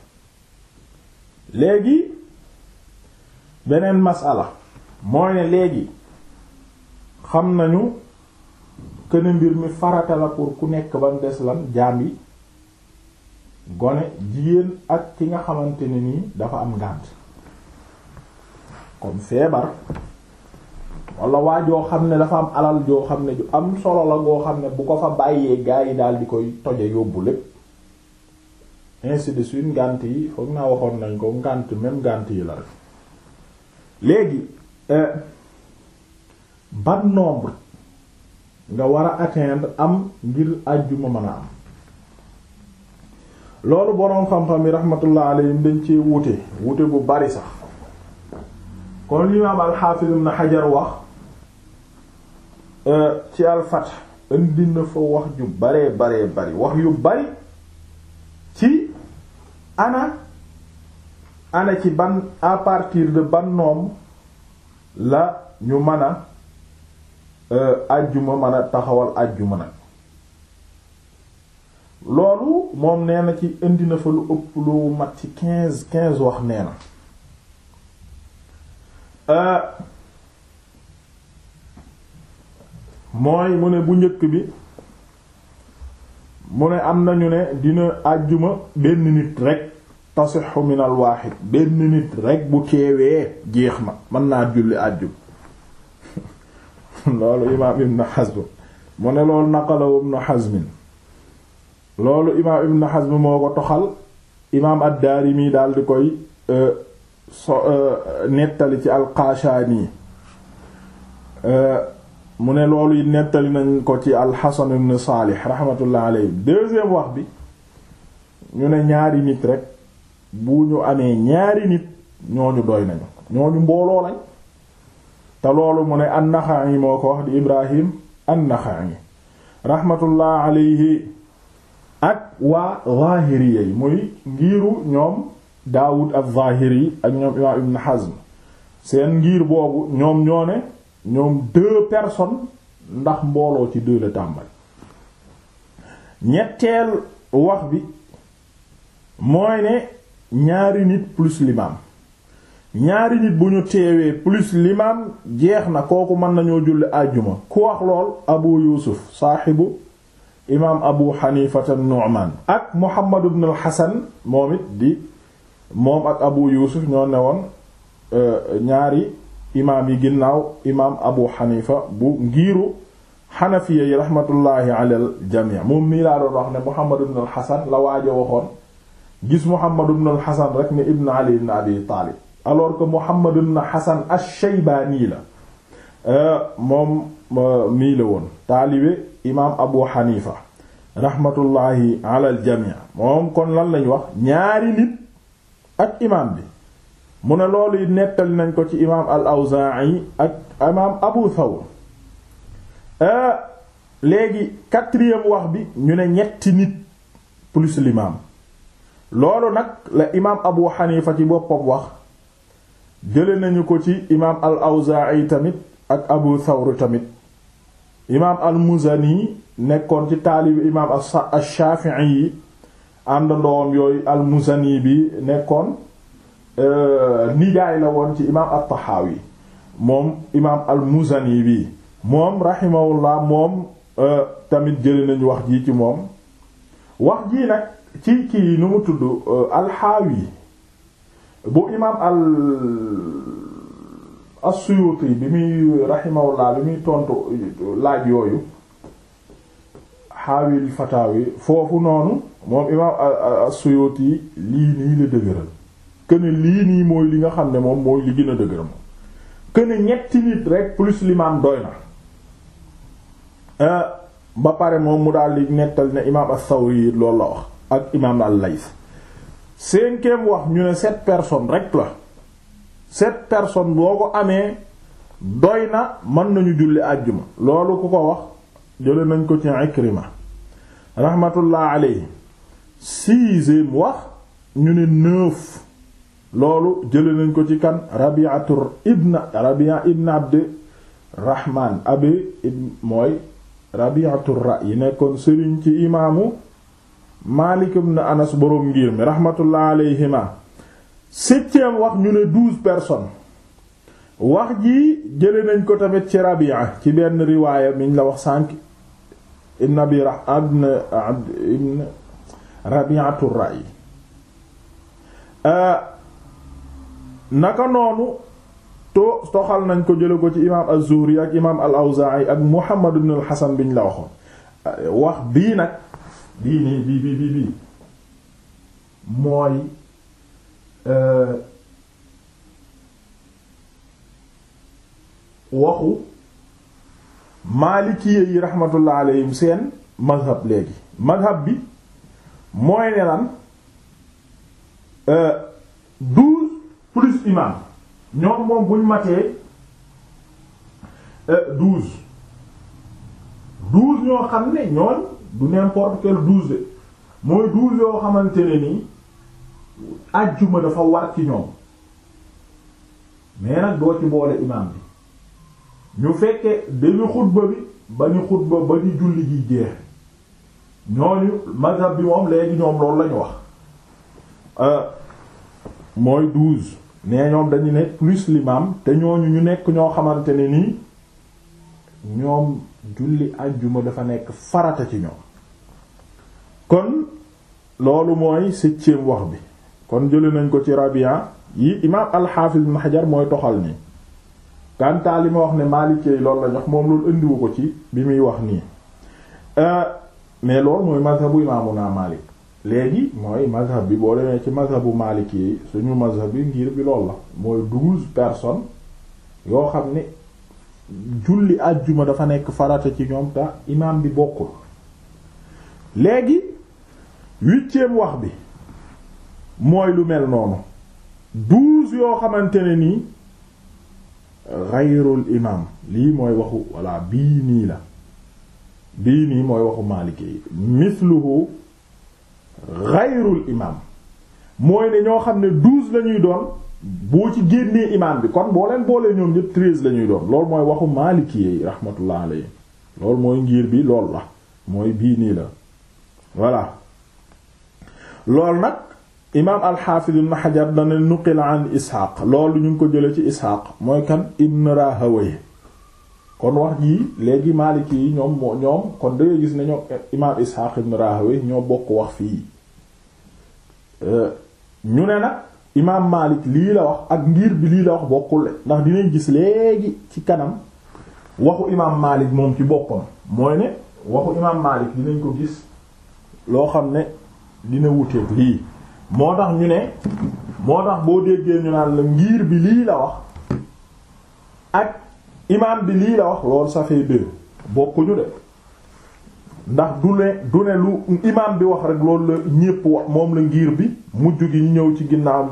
léegi beneen masala mooy ne léegi xam nañu këne mbir mi farata la pour ku nekk ba mu des lan jaam bi gone jigéen ak ki nga xamante ne nii dafa am ngànt comme feebar walla waa joo xam ne dafa am alal joo xam ne ju am solo la goo xam ne bu ko fa bàyyee gaa yi daal di koy toje yóbbu lépp ainsi de yi foog naa waxoon nañ ko ngànt même ngànt yi la rek léegi euh, ban nombre nga war a am ngir àjjuma mën a am loolu boroom xam-xam yi rahmatullah alayhim dañ ci wuute wuute bu bari sax kon limaam al-Hafiz Ibn wax euh, ci al-Fath indi na fa wax ju baree baree bari wax yu bari ana ana ci ban à partir de ban noom la ñu mën a euh, ajjuma mën a taxawal ajjuma nag loolu moom neena ci indi na fa lu ëpp lu mat ci quinze quinze wax nee na euh, mooy mu ne bu njëkk bi mu ne am nañu ne dina àjjuma benn nit rek tasixu min al benn nit rek bu teewee jeex na mën naa julli àjjuma loolu imaam ibn Hazm mu ne lool naqalawu ibn Hazm loolu imaam ibn Hazm moo ko toxal imaam ad-Daarimi daal di koy euh, so euh, nettali ci al-Qaashaani euh, mu ne loolu yi nettali nañ ko ci alxasan ibn saalih rahmatullah alayhi deuxième wax bi ñu ne ñaari nit rek bu ñu amee ñaari nit ñooñu doy nañu ñooñu mbooloo lañ te loolu mu ne annaxa'i moo ko wax di ibrahim annaxa'i rahmatullah alayhi ak waa zahiriya yi muy ngiiru ñoom daawud al zahiri ak ñoom imaam ibn seen ngiir boobu ñoom ñoo ne ñoom deux person ndax mbooloo ci deux la tàmbali ñetteel wax bi mooy ne ñaari nit plus l'imam ñaari nit bu ñu teewee plus l'imam jeex na kooku mën nañoo julli àjjuma ku wax lool abu yusuf saaxibu imaam abu xanifata nu'man ak muhammad ibn al moom it di moom ak abu yusuf ñoo ne woon euh, ñaari imaam yi ginnaaw imaam abu xanifa bu ngiiru xanafiya yi raxmatullaahi alal jamii moom mii laa doon wax ne muhammad ibn al xasan la waaj a waxoon gis muhammad ibn al xasan rek ibn ali ibn abi taalib alors que muhammad ibn xasan ash-shaybaani la euh, moom euh, mii la woon taalibe imaam abu xanifa raxmatullaahi alal jamii moom kon lan lañ wax ñaari nit ak imaam bi mu ne loolu yi nettali nañ ko ci imaam al yi ak imaam Abu Thawr euh, léegi quatrième wax bi ñu ne ñetti nit plus l'imam loolu nag la imaam Abu Hanifa ci boppam wax jële nañu ko ci imaam al-Awzaa'i tamit ak Abu Thawr tamit imaam al-Muzani nekkoon ci taalibi imaam al-Shaafi'i yi àndandoom yooyu al-Muzani bi nekkoon Euh, nijaay la woon ci imaam at-Tahawi moom imaam al-Muzani bi moom rahimahullah moom euh, tamit jëli nañ wax jii ci moom wax jii nag ci kii nu mu tudd euh, al-Hawi bu imaam al as-Suyuti bi muy rahimahullah bi muy tontu laaj yooyu xaawil fataawi foofu noonu moom imaam as-Suyuti lii nii la dëgëral que lii nii mooy li nga xam ne moom mooy li gën a dëgër moom que ñetti nit rek plus l'imam doy na euh, ba pare moom mu daal di nettal ne imaam as-Sawri yi loolu la wax ak imaam al-Layth cinquième wax ñu ne sept personnes rek la sept personnes boo ko amee doy na mën nañu julli àjjuma loolu ku ko wax jële nañ ko ci Ikrima rahmatullah alayhi sixième wax ñu ne neuf loolu jële nañ ko ci kan rabiatur ibn rabia ibn abd rahman abi mooy rabiatur ra yi nekkoon sëriñ ci imaamu malik ibn anas boroom ngir mi rahmatullah alayhima septième wax ñu ne douze personnes wax ji jële nañ ko tamit ci rabia ci benn riwaaya miñ la wax sànq ibn abi ibn abd ibn rabiatur ra naka noonu to toxal nañ ko jële ko ci imaam az-Zuhri ak imaam al-Awzaa'i ak Muhammad ibn al-Hasan biñ la waxoon wax bii nag bii nii bii bii bii mooy euh, waxu maalikiyee yi rahmatullah alayhim seen mazhab léegi mazhab bi mooy ne lan euh, plus imam ñoom moom buñ matee euh, douze douze ñoo xam ne ñooñ du n'importe quel douze de mooy douze yoo xamante ne nii ajjuma dafa war ci ñoom mais nag doo ci boole imam bi ñu fekkee dañu xutba bi ba ñu xutba ba ñu julli gi jeex ñooñu mazhab bi moom léegi ñoom loolu lañu wax euh, mooy douze mais ñoom dañu ne plus l'imam te ñooñu ñu nekk ñoo xamante ne nii ñoom julli àjjuma dafa nekk farata ci ñoom kon loolu mooy septième wax bi kon jële nañ ko ci Rabia yi imaam al-Hafiz Ibn mooy toxal nii kantaa li ma wax ne Maalikee yi loolu la jox moom loolu indiwu ko ci bi muy wax nii euh, mais loolu mooy mazhabu imaamu naa Maalik léegi mooy mazhab bi boo demee ci mazhabu Maliki yi suñu mazhab yi ngir bi lool la mooy douze person yoo xam ne julli àjjuma dafa nekk farata ci ñoom ta imaam bi bokkul léegi huitième wax bi mooy lu mel noonu douze yoo xamante ne nii xayrul imaam lii mooy waxu walla bii nii la bii nii mooy waxu Maliki yi misluhu xayrul imam mooy ne ñoo xam ne douze la doon boo ci génnee imaam bi kon boo leen boolee ñoom ñëpp lañuy doon loolu mooy waxu maaliki yi rahmatullah alayhi loolu mooy ngir bi lool la mooy bii nii la voilà loolu nag imaam alxaafid ibn xajar dana nuqil an isxaaq loolu ñu ngi ko jële ci isxaaq mooy kan ibn rahawayh kon wax gi léegi maaliki yi ñoom ñoom kon dangay gis ne ñoom imaam isxaaq ibn rahawayh ñoo bokk wax fii ñu ne na imaam Maalik lii la wax ak ngiir bi lii la wax bokkul ndax dinañ gis léegi ci kanam waxu imaam Maalik moom ci boppam mooy ne waxu imaam Maalik dinañ ko gis loo xam ne dina wuteeg lii moo tax ñu ne moo tax boo déggee ñu naan la ngir bi lii la wax ak imaam bi lii la wax loolu ça fait bokkuñu de. ndax du ne du ne lu imaam bi wax rek loolu la ñépp wax moom la ngiir bi mujj gi ñëw ci ginnaaw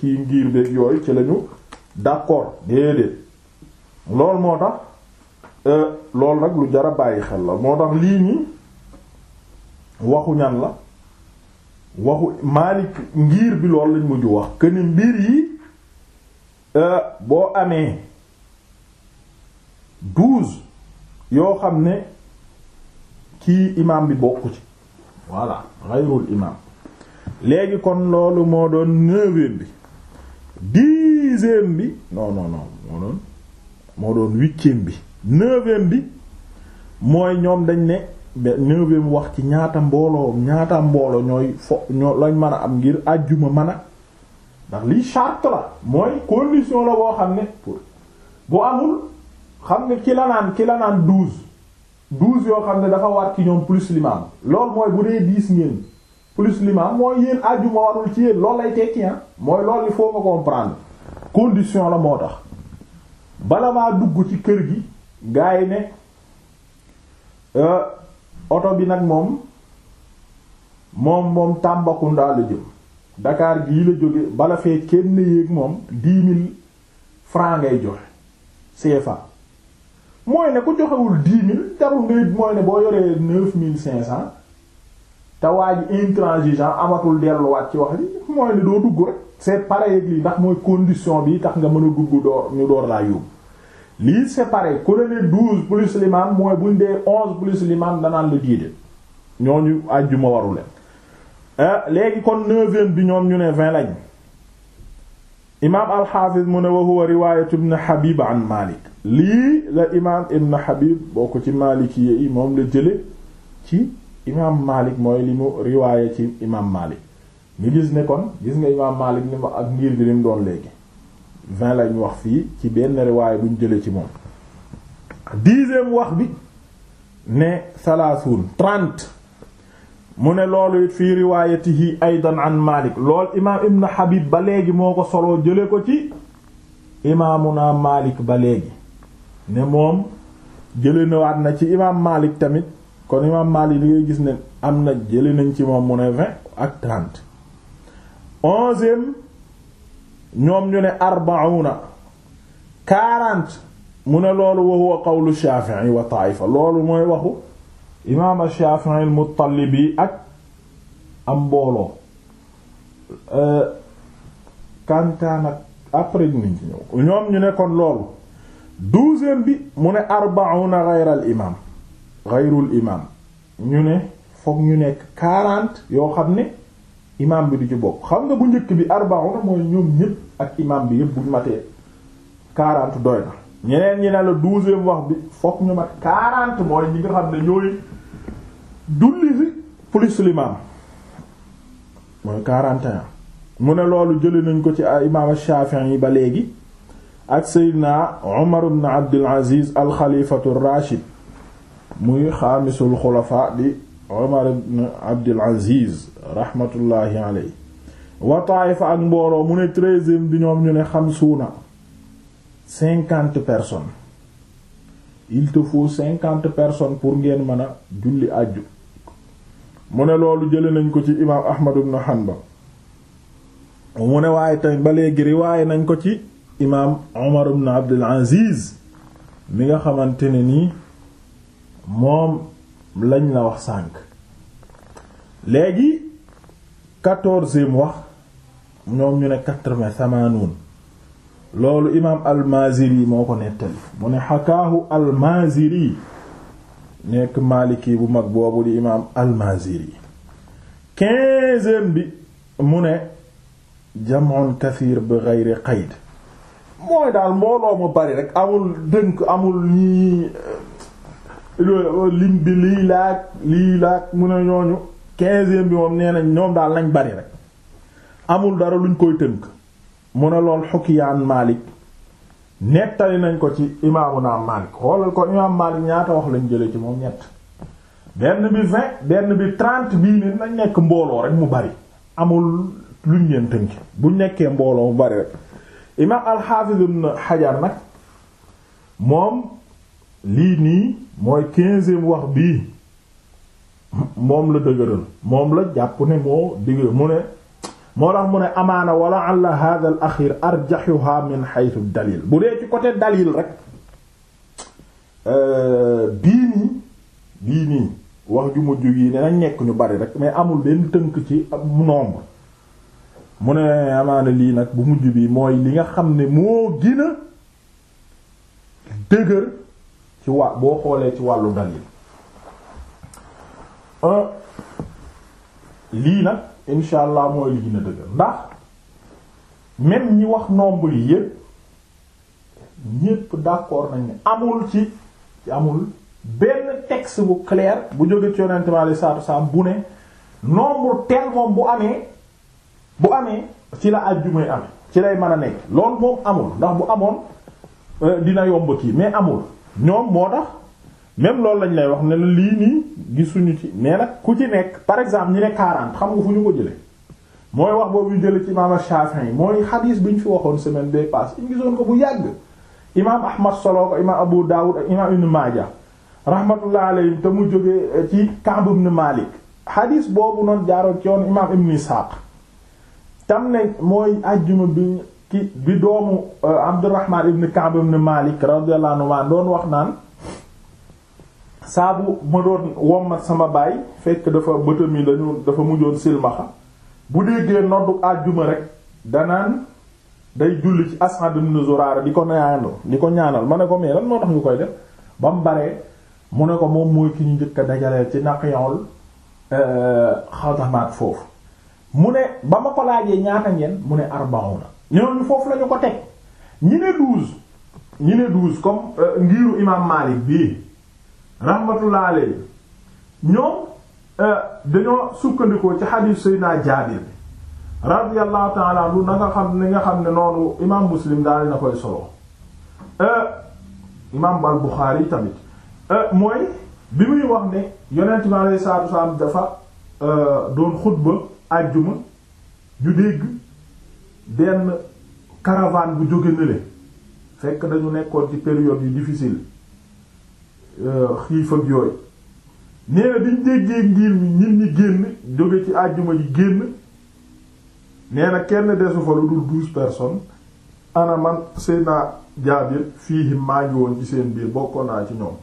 ci ngir beeg yooyu ci lañu d'accord déedéet loolu moo tax euh, loolu nag lu jara bàyyi xel la moo tax lii nii waxu ñan la waxu Maalik ngir bi loolu lañ mujj wax que ni mbir yi euh, boo amee douze yoo xam ne ci imaam bi bokku ci voilà xayrul imaam léegi kon loolu moo doon neuvième bi dixième bi non non non moo doon moo bi neuvième bi mooy ñoom dañ ne neuvième wax ci ñaata mbooloo ñaata mbooloo ñooy fo ñoo lañ man a am ngir àjjuma mën a ndax lii charte la mooy condition la boo xam ne pour bu amul xam nga ki la douze yoo xam ne dafa war ci ñoom plus l'imam loolu mooy bu dee dix ngeen plus l'imam mooy yéen àjjuma warul ci yéen loolu lay tekki ah mooy lool il faut nga comprendre condition la moo tax bala maa dugg ci kër gi gars ne euh, oto bi nag moom moom moom Tambacounda la jëm Dakar gii la jóge bala fee kenn yéeg moom dix mille francs ngay joxe CFA mooy ne ku joxewul dix mille jarul nga it mooy ne boo yoree neuf mille cinq cent te waa ji intransigeant amatul delluwaat ci wax li mooy ne doo dugg rek c'est pareil ak lii ndax mooy condition bi tax nga mën a dugg door ñu door laa yóbbu lii c'est pareil ku la ne douze plus mooy buñ dee onze plus danaan la jiite ñooñu àjjuma waru leen ah, kon neuvième bi ñoom ñu ne vingt lañ imaam al mu ne wa huwa riwayat ibn Habib an lii la imaam ibn Habib boo ko ci Maliki yi moom la jële ci imaam Malik mooy li mu riwaaye ci imaam Malik ñu gis ne kon gis nga imaam Malik ni ma ak ngir gi lim doon léegi vingt lañ wax fii ci benn riwaaye buñ jële ci moom dixième wax bi ne salaasuun trente mu ne loolu it fii riwaayatihi aydan an Malik lool imaam ibn Habib ba léegi moo ko soloo jële ko ci imaamu Malik ba léegi ne moom jëlee na waat na ci imaam Malik tamit kon imaam Malik li ngay gis ne am na jëlee nañ ci moom mu ne vingt ak trente onzième ñoom ñu ne arbauna quarante mu ne loolu wa huwa qawlu Shafi'i wa ta'ifa loolu mooy waxu imaam Shafi'i al-Muttalibi ak am mbooloo euh, kantaan ak après dinañ ci ñëw ñoom ñu ne kon loolu douzième bi mu ne arbauna gayral imam gayrul imam ñu ne foog ñu nekk quarante yoo xam ne imam bi du ci bokk xam nga bu njëkk bi arbauna mooy ñoom ñépp ak imam bi yépp buñ matee quarante doy na ñeneen ñi ne la douzième wax bi foog ñu mat quarante mooy ñi nga xam ne ñooy dulli si plus l'imam mooy quarante et mu ne loolu jëli nañ ko ci imaam Shafi'i yi ba léegi ak seydna Umar ibn Abdul Aziz al xalifatu rachid muy xaamisul xulafa di Umar ibn Abdul Aziz rahmatullahi aley wa Taaifa ak mbooloo mu ne treizième bi ñoom ñu ne xamsuuna cinquante personnes cinquante personnes pour ngeen mën a julli àjju mu ne loolu jële nañ ko ci imaam Ahmad ibn Hanbal mu ne waaye tamit ba léegi riwaaye nañ ko ci imaam Omar ibn Abdul Aziz mi nga xamante ne nii moom lañ la wax sànk léegi quatorzième wax ñoom ñu ne quatre-vingt samanuun loolu imaam al-Maziri moo ko nettali mu ne xakaahu al nekk Maliki bu mag boobu di imaam al-Maziri bi mu ne jam'un kathir bi ghayri qayd mooy daal mbooloo mu bari rek amul dënk amul ñii euh, oh, lim bi lii laaj lii laaj mun a ñooñu quinzième bi moom nee nañ ñoom daal nañ bari rek amul dara luñ koy tënk mu ne lool xukkiyaan Maalik nettali nañ ko ci imaamu naa Maalik xoolal ko imaam Maalik ñaata wax lañ jële ci moom ñett benn bi vingt benn bi trente bii ne nañ nekk mbooloo rek mu bari amul luñ leen tënk buñ nekkee mbooloo mu bari rek imaam al-Hafiz nag moom lii nii mooy quinzième wax bii moom la dëgëral moom la jàpp ne moo dëgër mu ne moo tax mu ne amaana wala alla hadha al arjaxuha min xaytu dalil bu dee ci côté dalil rek euh, bii nii bii nii wax ju mujj yi ne nañ nekk ñu bari rek mais amul benn tënk ci ab nombre mu ne amaana lii nag bu mujj bii mooy li nga xam ne moo gën a dëgër ci wa boo xoolee ci wàllu dalil euh, lii nag insha allah mooy li gën dëgër ndax même ñi wax nombre yi yépp ñépp d'accord nañ ne amul ci amul benn texte bu clair bu jóge ci yonente bi alei salatu wasalaam bu ne nombre tel moom bu amee bu amee ci la àjjumay amee ci lay man a nekk lool moom amul ndax bu amoon euh, dina yomb kii mais amul ñoom moo tax même loolu lañ lay wax ne lii nii gisuñu ci mais nag ku ci nekk par exemple ñu ne 40 xam nga fu ñu ko jële mooy wax boobu ñu jële ci imaam Shafi'i yi mooy xadiis bi ñu fi waxoon semaine bee paase ñu gisoon ko bu yàgg imaam Ahmad solo ko imaam Abu Dawud ak imaam Ibn Maaja rahmatullah alayhi te mu jógee ci Ka'b ibn Malik xadiis boobu noonu jaaroon ci yoon imaam Ibn Ishaq tam ne mooy àjjuma bi ki bi doomu euh, Abdurrahman ibn Ka'b ibn Malik radiyallahu anhu ma doon wax naan saabu ma doon wommat sama baay fekk dafa bëtam yi dañu dafa mujjoon silmaxa bu déggee noddu àjjuma rek danaan day julli ci As'ad ibn Zurara di ko ñaanal di ko ñaanal ma ne ko mais lan moo tax ñu koy def ba mu baree mu ne ko moom mooy ki ñu njëkk a dajaleel ci naqiyul euh, xatamaat foofu mu ne ba ma ko laajee ñaata ngeen mu ne arbauna ñooñu foofu la ko teg ñi ne douze ñi ne douze comme euh, ngiru imam Malik bii rahmatullah ñoom euh, dañoo sukkandikoo ci xadiis Seydina Jaabir bi radiyallahu ta'ala na nga xam ne noonu imam Muslim daal na koy solo euh, imam al Buxaari tamit mooy bi muy wax ne yonent bi alayhi salaatu salaam dafa doon xutba àjjuma ñu dégg benn caravane bu jóge nële fekk dañu nekkoon ci période yi difficile euh, xiif ak yooyu nee na déggee ngir mi ñin ñi génn jóge ci àjjuma yi génn nee na kenn desu fa lu dul douze personnes ana man Seydina fii maa ngi woon ci seen biir bokkoon naa ci ñoom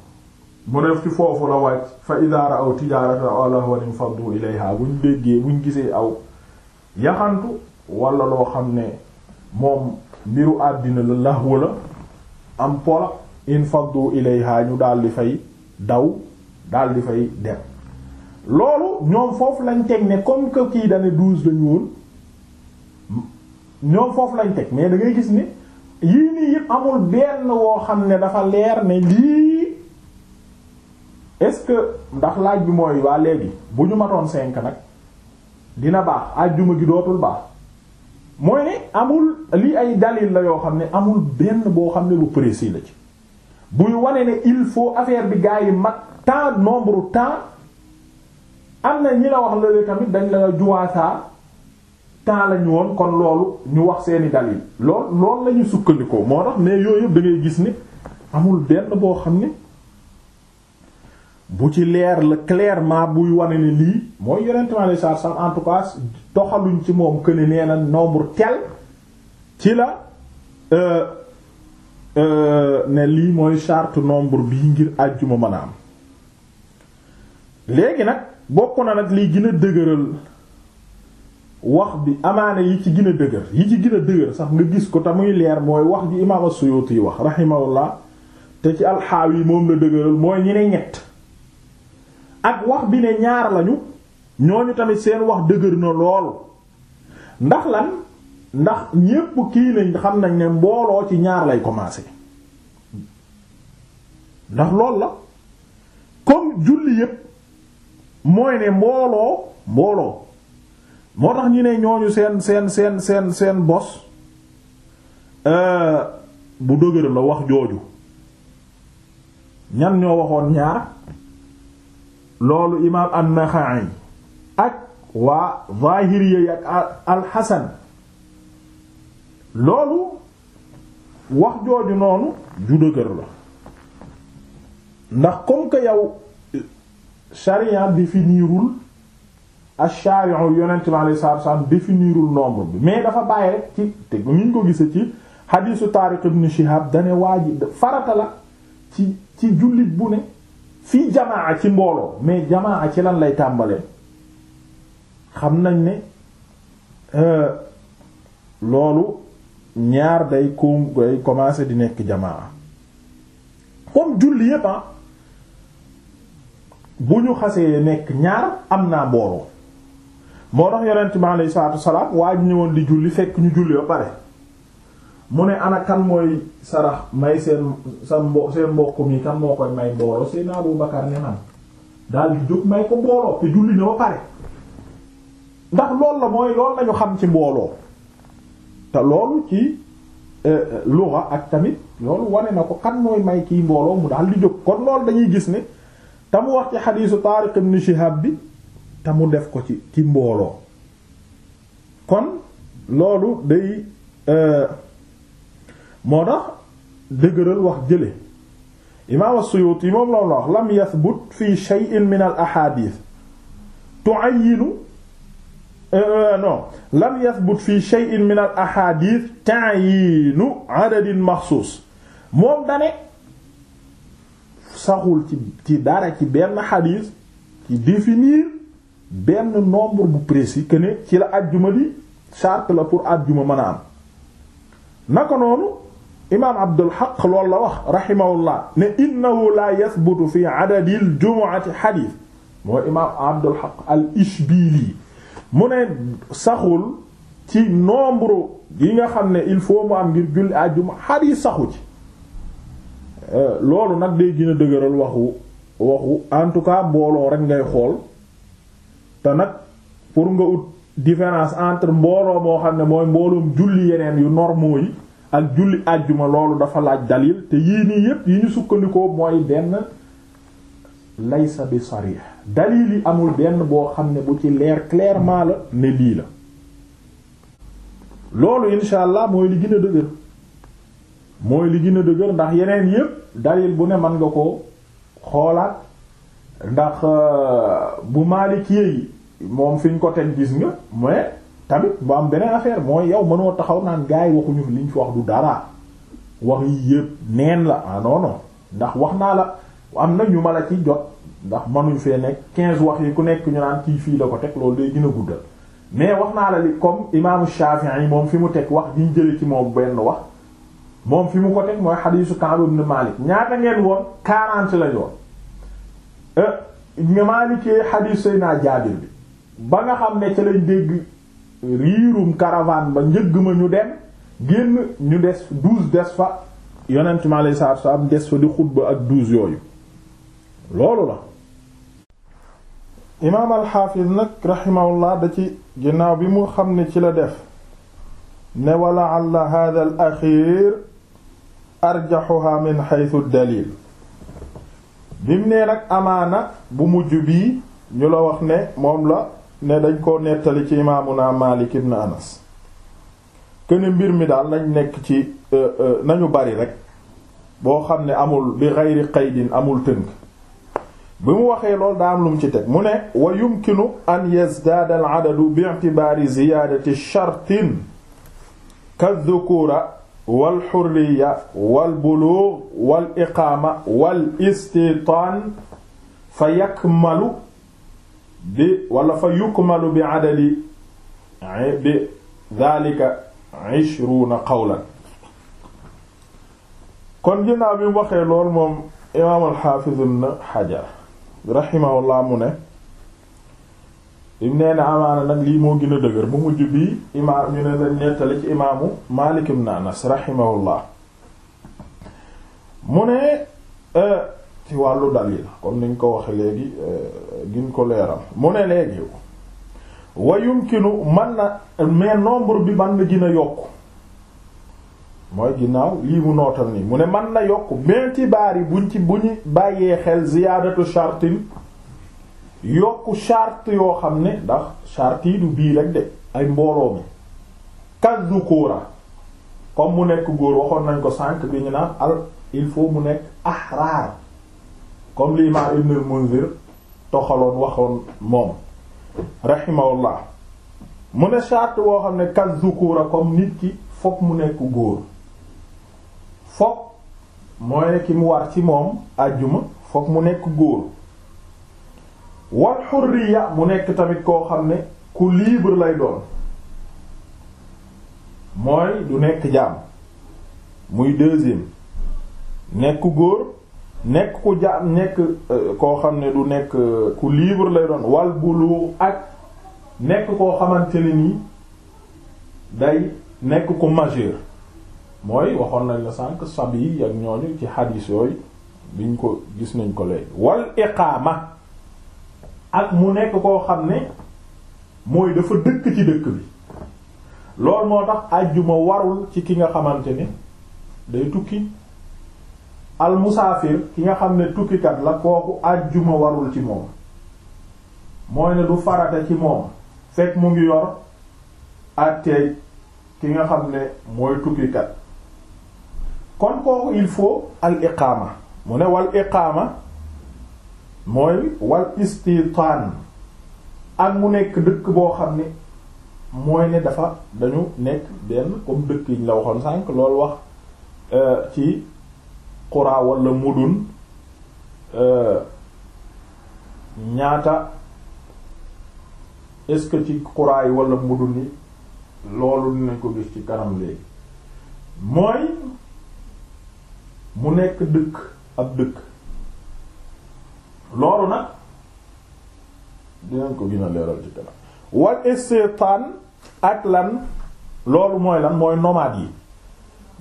mu def ci foofu la wàcc fa idha ra'aw tijaratan aw lahwan infaddu ilayha buñ déggee buñ gisee aw yaxantu wala loo xam ne moom mbiru àddina la lahwa la am pola infaddu ilayha ñu daal di fay daw daal di fay dem loolu ñoom foofu lañ teg ne comme que kii dane douze lañu woon ñoom foofu lañ teg mais da gis ne yii nii yëpp amul benn woo xam ne dafa leer ne lii est-ce que ndax laaj bi mooy waa léegi bu ñu matoon cinq nag dina baax àjjuma gi dootul baax mooy ne amul li ay dalil la yoo xam ne amul benn boo xam ne lu précis la ci buy wane ne il faut affaire bi gaa yi mag temps nombre temps am na ñi la wax la tamit dañ la juwaasaa temps la ñu woon kon loolu ñu wax seeni dalil lool loolu la sukkandikoo moo tax mais yooyu yëpp da gis ne amul benn boo xam ne. bu ci leer la clairement buy wane ni lii mooy yonent mi alayhi salaatu salaam en tout cas doxaluñ ci moom que ne nee nombre tel ci la euh, euh, ne lii mooy charte nombre bii ngir àjjuma mën a am léegi nag bokk na nag lii gën a dëgëral wax bi amaane yi ci gën a dëgër yi ci gën a dëgër sax nga gis ko te muy leer mooy wax ji imaam as wax rahimahullah te ci yi moom la dëgëral mooy ñi ne ñett ak wax bi ne ñaar lañu ñooñu tamit seen wax dëgër na lool ndax lan ndax ñépp kii nañ xam nañ ne mbooloo ci ñaar lay commencer ndax lool la comme julli yépp mooy ne mbooloo mbooloo moo tax ñu ne ñooñu seen seen seen seen seen bos euh, bu dëgër la wax jooju ñan ñoo waxoon ñaar loolu imaam an-Naxa'i ak waa Zaahiri yi ak al-Hasan loolu wax jooju noonu ju dëgër la ndax comme que yow charia définirul ash-shari'u yonent bi alayhi salaatu wa salaam définirul nombre bi mais dafa bàyyi ci te niñ ko gise ci xadiisu Taariq ibn Shihab dane waajib farata la ci ci jullit bu ne fii jamaa ci mbooloo mais jamaa ci lan lay tàmbalee xam nañ ni euh, loolu ñaar day koom day commencer di nekk jamaa comme julli yépp ah, bu ñu xasee nekk ñaar am naa mbooloo moo tax yonent bi alayhi salaatu wa salaam waa ji ñëwoon di julli fekk ñu julli ba pare mu ne ana kan mooy sarax may seen sa mbo seen mbokk mi kan moo koy may mbooloo seen Abu Bakar ne man daal di jóg may ko mbooloo te julli na pare ndax loolu la mooy loolu lañu xam ci mbooloo te loolu ci eh, eh, luxa ak tamit loolu wane na ko kan mooy may kiy mbooloo mu daal di jóg kon lool dañuy gis ni te mu wax ci xadiisu Taariq ibn Shihab bi te mu def ko ci ci mbooloo kon loolu day eh, moo tax dëgëral wax jële imaam as-Suyuti moom loolu wax lam yathbut fi shay'in min al ahadith tu'ayyin euh, euh, non lam yathbut fi shay'in min al ahadith ta'yin adadin maxsuus moom dane saxul ci dara ci benn xadiis ci définir benn nombre bu précis yi ne ci la ajjuma di charte la pour ajjuma mën a am naka noonu imaam Abdul Haqq loolu la wax rahimahullah ne innahu la yathbutu fi adadil jumu'ati hadith mooy imaam Abdul Haqq al-Ishbili mu ne saxul ci nombre yi nga xam ne il faut mu am ngir julli àjjuma hadith saxu ci euh, loolu nag day gën a dëgëral waxu waxu en tout cas mbooloo rek ngay xool te nag pour nga ut différence entre mbooloo moo xam ne mooy mbooloom julli yeneen yu normaux yi ak julli àjjuma loolu dafa laaj dalil te yii nii yépp yi ñu sukkandikoo mooy benn lay bi sarih dalil yi amul benn boo xam ne bu ci leer clairement la ne lii la loolu insha mooy li gën a dëgër mooy li gën a dëgër ndax yeneen yépp dalil bu ne mën nga ko xoolaat ndax euh, bu maalikee yi moom fi ñu ko teg gis nga mais tamit bu am beneen affaire mooy yow mënoo taxaw naan gars yi waxuñu fi liñ fi wax du dara wax yi yëpp neen la ah non ndax wax naa la am na ñu ma la ci jot ndax mënuñ fee nekk quinze wax yi ku nekk ñu naan kii fii la ko teg loolu day gën a guddal mais wax naa la li comme imaamu Shafi'i moom fi mu teg wax diñ jële ci moom benn wax moom fi mu ko teg mooy hadiisu Ka'b ibn Malik ñaata ngeen woon 40 lañ nga euh, maalikee hadiis Seydina Jaabir bi ba nga xam ne ca riirum caravane ba njëgg ma ñu dem génn ñu des douze des fa yonent mi alayhi salaatu salaam des fa di xutba ak douze yooyu loolu la imaam alxaafiz nag raximahullah da ci ginnaaw bi mu xam ne ci la def ne wala alla hada al axir arjaxuha min xaytu dalil bi mu nee nag amaana bu mujj bi ñu la wax ne moom la ne dañ ko nettali ci imaamuna Maalik ibn Anas këni mbir mi daal nañ nekk ci euh, euh, nañu bari rek boo xam ne amul bi xayri qaydin amul tënk bi mu waxee lool daa am lum ci teg mu ne wa yumkinu an yazdaada al adadu bi i'tibaari ziyaadati shartin ka dhukura wal xurriya wal buluug wal iqaama wal istitaan fa yakmalu bi wala fa yukmalu bi adadi bi dhalika ishruna qawlan kon ginnaaw bi mu waxee lool moom imaam alxaafiz ibn xajar raximahullah mu ne im nee na amaana nag lii moo gën a dëgër bu mujj bii imaam ñu ne dañ nettali ci imaamu maalik ibn anas raximahullah mu ne euh, ci wàllu dalil comme niñ ko waxe léegi euh, giñ ko leeral mu ne léegi wa yumkinu man na mais nombre bi man na gën yokk mooy ginaaw lii mu nootal nii mu ne man na yokk bien ci baar yi bu ñu bàyyee xel ziyaadatu shartin yokk chart yoo xam ne ndax shart yi du bii rek de ay mbooloo mi kas du kóora comme mu nekk góor waxoon nañ ko sànq bi ñu naan il faut mu nekk ahraar comme li imaam ibnul munzir toxaloon waxoon moom rahimahullah mu ne chart boo xam ne kas zukura comme nit ki fokk mu nekk góor fokk mooy ki mu war ci moom àjjuma fokk mu nekk góor wal xurriya mu nekk tamit koo xam ne ku libre lay doon mooy du nekk jaam muy deuxième nekk góor nekk ku ja nekk euh, koo xam ne du nekk euh, ku libre lay doon wal bulu ak nekk koo xamante ne nii day nekk ku majeur mooy waxoon nañ la sànq sab yi ak ñooñu ci xadiis yooyu biñ ko gis nañ ko léegi wal iqaama ak mu nekk koo xam ne mooy dafa dëkk ci dëkk bi loolu moo tax àjjuma warul ci ki nga xamante ne day tukki al musaafir ki nga xam ne tukkikat la kooku àjjuma warul ci moom mooy ne du farata ci moom fekk mu ngi yor àtteey ki nga xam ne mooy tukkikat kon kooku il faut al iqaama mu ne wal iqaama mooy wal istitaan ak mu nekk dëkk boo xam ne mooy ne dafa dañu nekk benn comme dëkk la waxoon sànq loolu wax euh, ci xuraa wala mudun euh, ñaata est-ce que ci xuraa yi walla mudun yi loolu dinañ ko gis ci kanam léegi mooy mu nekk dëkk ab dëkk loolu na dinañ ko gën a leeral ci kanam wal istitaan ak lan loolu mooy lan mooy nomade yi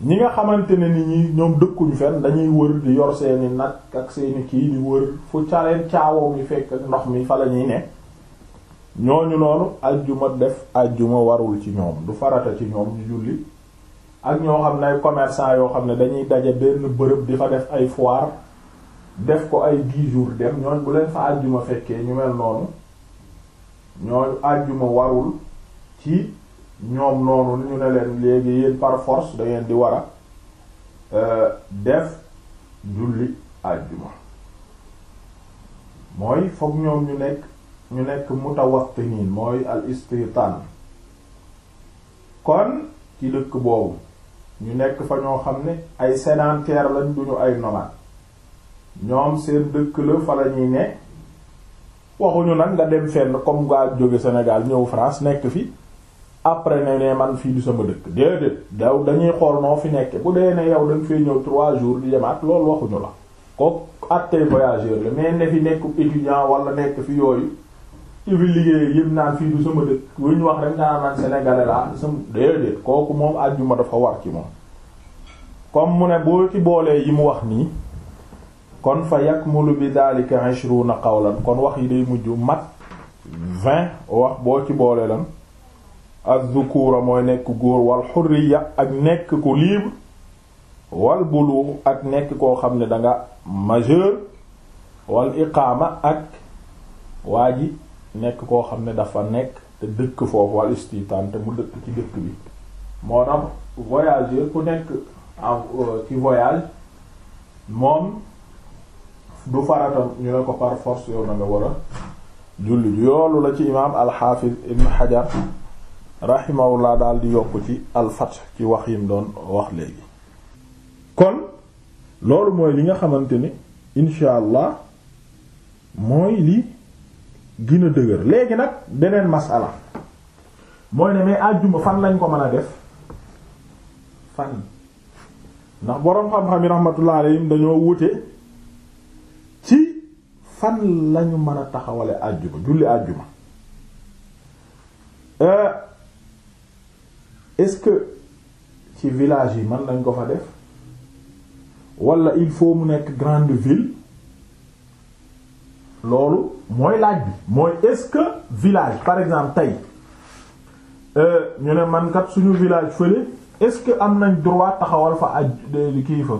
ñi nga xamante ne ni ñi ñoom dëkkuñ fenn dañuy wër di yor seeni nag ak seeni kii di wër fu caleen caawoo mi fekk ndox mi fa la ñuy ne ñooñu noonu ajjuma def ajjuma warul ci ñoom du farata ci ñoom ñu julli ak ñoo xam ne ay commerçant yoo xam ne dañuy daje benn bërëb di fa def ay foire def ko ay gis jours dem ñooñ bu leen fa ajjuma fekkee ñu mel noonu ñooñu ajjuma warul ci ñoom noonu ñu ne leen léegi yéen par force di war a euh, def julli àjjuma mooy foog ñoom ñu nekk ñu nekk mutawattinin mooy al istitaan kon ci dëkk boobu ñu nekk fa ñoo xam ne ay sédentaire lañ duñu ay nomade ñoom seen dëkk la fa la ñuy ne waxuñu nag nga dem fenn comme gaa jóge Sénégal ñëw France nekk fi après ne ne man fii du sama dëkk déedéet daw dañuy xool noo fi nekkee bu dee ne yow da nga fee ñëw trois jours di ak loolu waxuñu la kooku acte voyageur la mais ne fi nekku étudiant wala nekk fi yooyu ci fi liggéey yëpp naan fii du sama dëkk lu ñu wax rek ngaa naan sénégalais la sama kooku moom àjjuma dafa war ci moom comme mu ne boo ci boolee yi mu wax nii kon fa yakmulu bi daalika ishruna qawlan kon wax yi day mujj mat vingt wax boo ci boolee lan az-zukuura mooy nekk góor wal xurriya ak nekk ku libre wal buluux ak nekk koo xam ne danga majeur wal iqaama ak waa ji nekk koo xam ne dafa nekk te dëkk foofu wal istitaan te mu dëkk ci dëkk bi moo tax voyageur ku nekk euh, ci voyage moom du faratam ñu ne ko par force yow na nga war a julli yoolu la ci imaam al Ibn Hajar rahimahullah dal di yokk ci alfat ci wax yim doon wax léegi kon loolu mooy li nga xamante ni incha mooy li gën a dëgër léegi nag beneen masala mooy ne mais àjjuma fan lañ ko mën a def fan ndax boroom xam-xam yi rahmatullah alayhim dañoo wute ci fan lañu mën a taxawale àjjuma julli àjjuma euh, est-ce que ci village yi man nañ ko fa def wala il faut mu nekk grande ville loolu mooy laaj bi mooy est-ce que village par exemple tey euh, ñu ne man kat suñu village fële est-ce que am nañ droit taxawal fa aj kii fa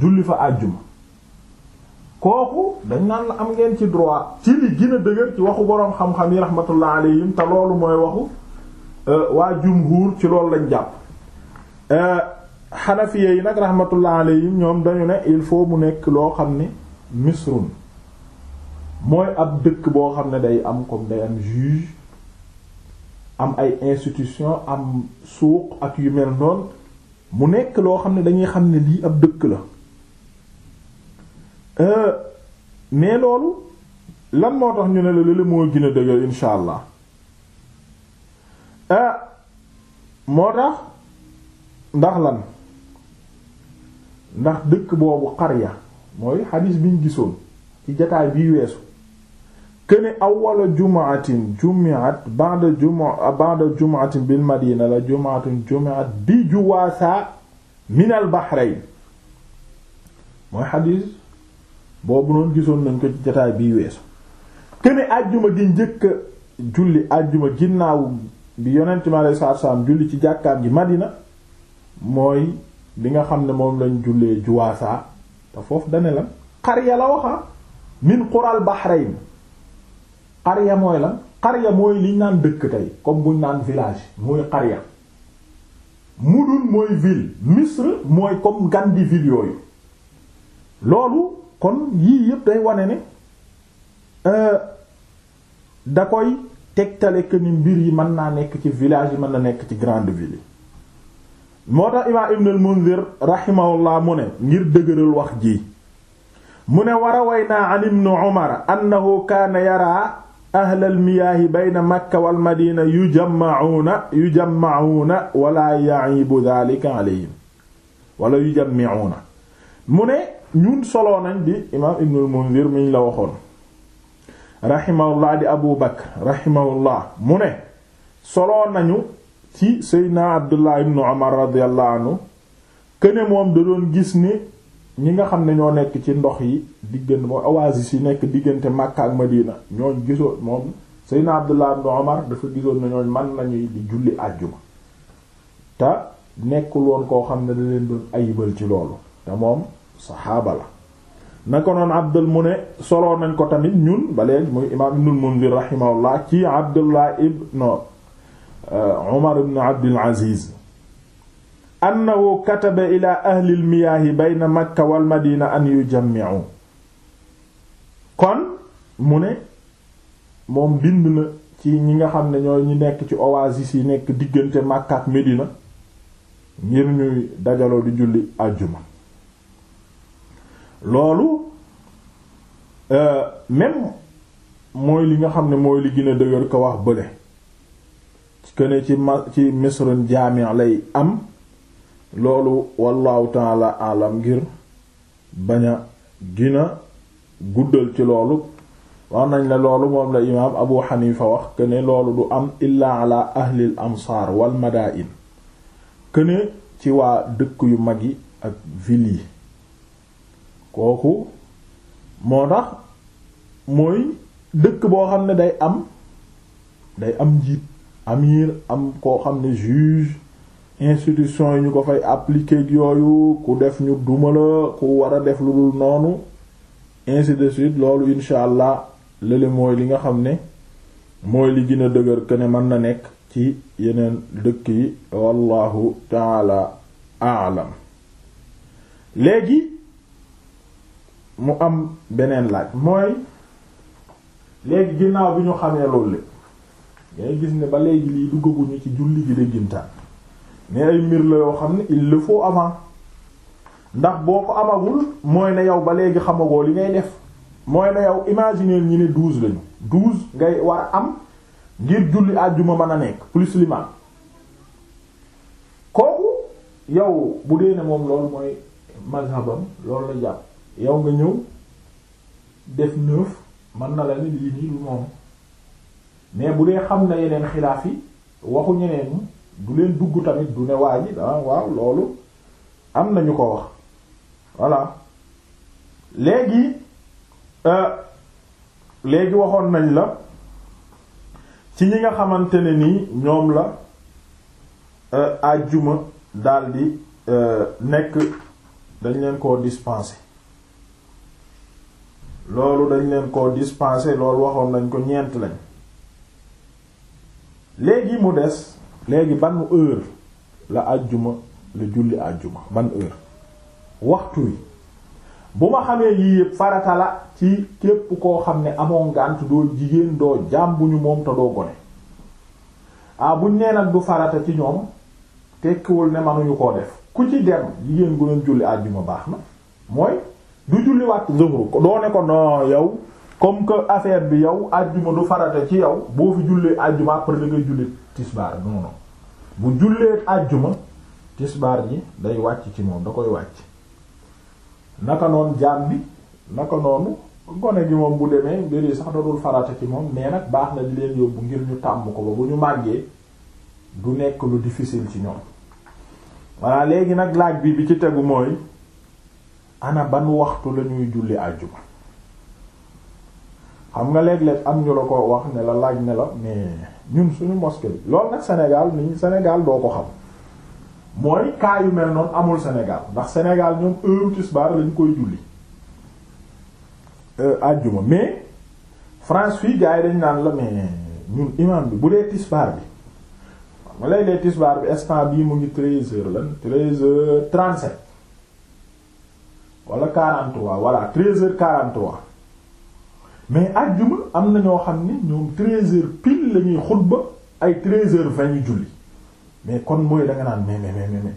julli fa àjjuma kooku dañ naan la am ngeen ci droit ci li gën dëgër ci waxu boroom xam-xam yi rahmatullah alayhim te loolu mooy waxu Euh, waa jumhur ci loolu lañ jàpp xanafiye euh, yi nag rahmatullah alayhim ñoom dañu ne il faut mu nekk loo xam ne misrun mooy ab dëkk boo xam ne day am comme day am juge am ay institution am suuq ak yu mel noonu mu nekk loo xam ne dañuy xam ne lii ab dëkk la ne euh, loolu lan moo tax ñu ne la lële moo gën a dëgër insha allah ah moo tax ndax lan ndax dëkk boobu xarya mooy xadiis bi gisoon ci jataay bii weesu këne awwala jumaatin jumiat ba'da juma ba'da jumaatin bil madina la jumaatin jumiat bi juwaasa min al mooy xadiis boobu noonu gisoon nañ ko ci jataay bii weesu këne àjjuma gi njëkk julli àjjuma ginnaaw bi yonent mi aleyhi salaatu salaam julli ci jàkkaar ji Madina mooy bi nga xam ne moom lañ jullee juwaasa te foofu dane lan la waxa min qural bahrain xarya mooy lan xarya mooy liñ naan dëkk tey comme buñ naan village mooy xarya mudun mooy ville misre mooy comme gan ville yooyu loolu kon yii yépp day wane ne euh, da koy tegtale que ni mbir yi mën na nekk ci village yi mën na nekk ci grande ville moo tax imaam ibn al munzir mu ne ngir dëgëral wax ji mu ne war a way naa an ibn umar annahu kaana yaraa ahlal miyaahi bayna makka wal madina yujamma'una yujamma'una wala ya'ibu dhalika alayhim wala yujammi'una mu ne ñun soloo nañ di imaam ibn al munzir miñ la waxoon rahimahullah di abu bakr rahimahullah mu ne soloon nañu ci seydna abdullah ibnu omar radiyallahu anhu këne moom da doon gis ni ñi nga xam ne ñoo nekk ci ndox yi diggante mooy oasis yi nekk diggante Makka ak Madina ñooñ gisoon moom seydna abdullah ibnu omar dafa gisoon na ñooñ man nañuy di julli àjjuma te nekkul woon koo xam ne da leen doon ayibal ci loolu te moom saxaaba la na ko noon abdul mu ne soloo nañ ko tamit ñun ba léegi muy imaam ibnul mundir rahimahullah ci abdullah ibn euh, umar ibn abdul aziz annahu kataba ila ahli almiyaahi bayna makka wal madina an yujammi'u kon mu ne moom bind na ci ñi nga xam ne ñooy ñi nekk ci oasis yi nekk diggante makka ak medina ngir ñuy dajaloo di julli àjjuma loolu euh, même mooy li nga xam ne mooy li gën a dëgër ko wax bële que ci ma ci misrun jaami' lay am loolu wallahu taala alam ngir bañ a guddal ci loolu wax nañ la loolu moom la imaam Abu Hanifa wax que ne loolu du am illaa ala ahlil amsaar wal madaa'in que ne ci waa dëkk yu mag yi ak ville yi kooku moo tax mooy dëkk boo xam ne day am day am njiit amir am koo xam ne juge institution yi ñu ko fay appliquer yooyu ku def ñu duma la ku war a def lu noonu ainsi de suite loolu incha allah lële mooy li nga xam ne mooy li gën a dëgër que ne mën na nekk ci yeneen dëkk yi wallahu taala alam léegi mu am beneen laaj mooy léegi ginnaaw bi ñu xamee loolu lépp ngay gis ne ba léegi lii duggaguñu ci julli gi déggintaan mais ay mbir la yoo xam ne il le faut avant ndax boo ko amagul mooy ne yow ba léegi xamagoo li ngay def mooy ne yow imaginer ñi ne douze lañu douze ngay war am ngir julli àjjuma mën a nekk plus liman kooku yow bu dee ne moom loolu mooy mazhabam loolu la jàpp yow nga ñëw def neuf mën na la ni lii nii du noonu mais bu dee xam na yeneen xilaaf yi waxu ñeneen du leen dugg tamit du ne waa ji ah, waaw loolu am na ñu ko wax voilà léegi euh, léegi waxoon nañ la ci ñi nga xamante ne nii ñoom la euh, àjjuma daldi euh, nekk dañ leen koo dispenser loolu dañ leen koo dispenser loolu waxoon nañ ko ñeent lañ léegi mu des léegi ban heure la àjjuma la julli àjjuma ban heure waxtu wi bu ma xamee yii yëpp farata la ci képp koo xam ne amoo ngànt doo jigéen doo jaam bu ñu moom te doo gone ah buñ nee nag du farata ci ñoom tekkiwul ne manuñu koo def ku ci dem jigéen gu doon julli àjjuma baax na mooy du julliwaat zuhru doo ne ko non yow comme que affaire bi yow ajjuma du farata ci yow boo fi jullee ajjuma après da ngay julli tisbaar non non bu jullee ajjuma tisbaar ji day wàcc ci moom da koy wàcc naka noonu jaam bi naka noonu gone gi moom bu demee mbir yi sax da farata ci moom mais nag baax na di leen yóbbu ngir ñu tàmm ko ba bu ñu màggee du nekk lu difficile ci ñoom voilà léegi nag laaj bi bi ci tegu mooy. ana ban waxtu la ñuy julli àjjuma xam nga léeg-léeg am ñu la ko wax ne la laaj ne la mais ñun suñu mosquée bi loolu nag Sénégal ni Sénégal doo ko xam mooy cas yu mel noonu amul Sénégal ndax Sénégal ñoom heure tisbaar lañ koy julli euh, àjjuma mais France fii gars yi dañ naan la mais ñun imam bi bu dee tisbaar bi xam nga léeg-léeg tisbaar bi instant bii mu ngi treize la lan treize heures wala 43 voilà 13h43 mais àjjuma am na ñoo xam ne ñoom 13h pile la ñuy xutba ay 13h20 ñu julli mais kon mooy da naan mais mais mais mais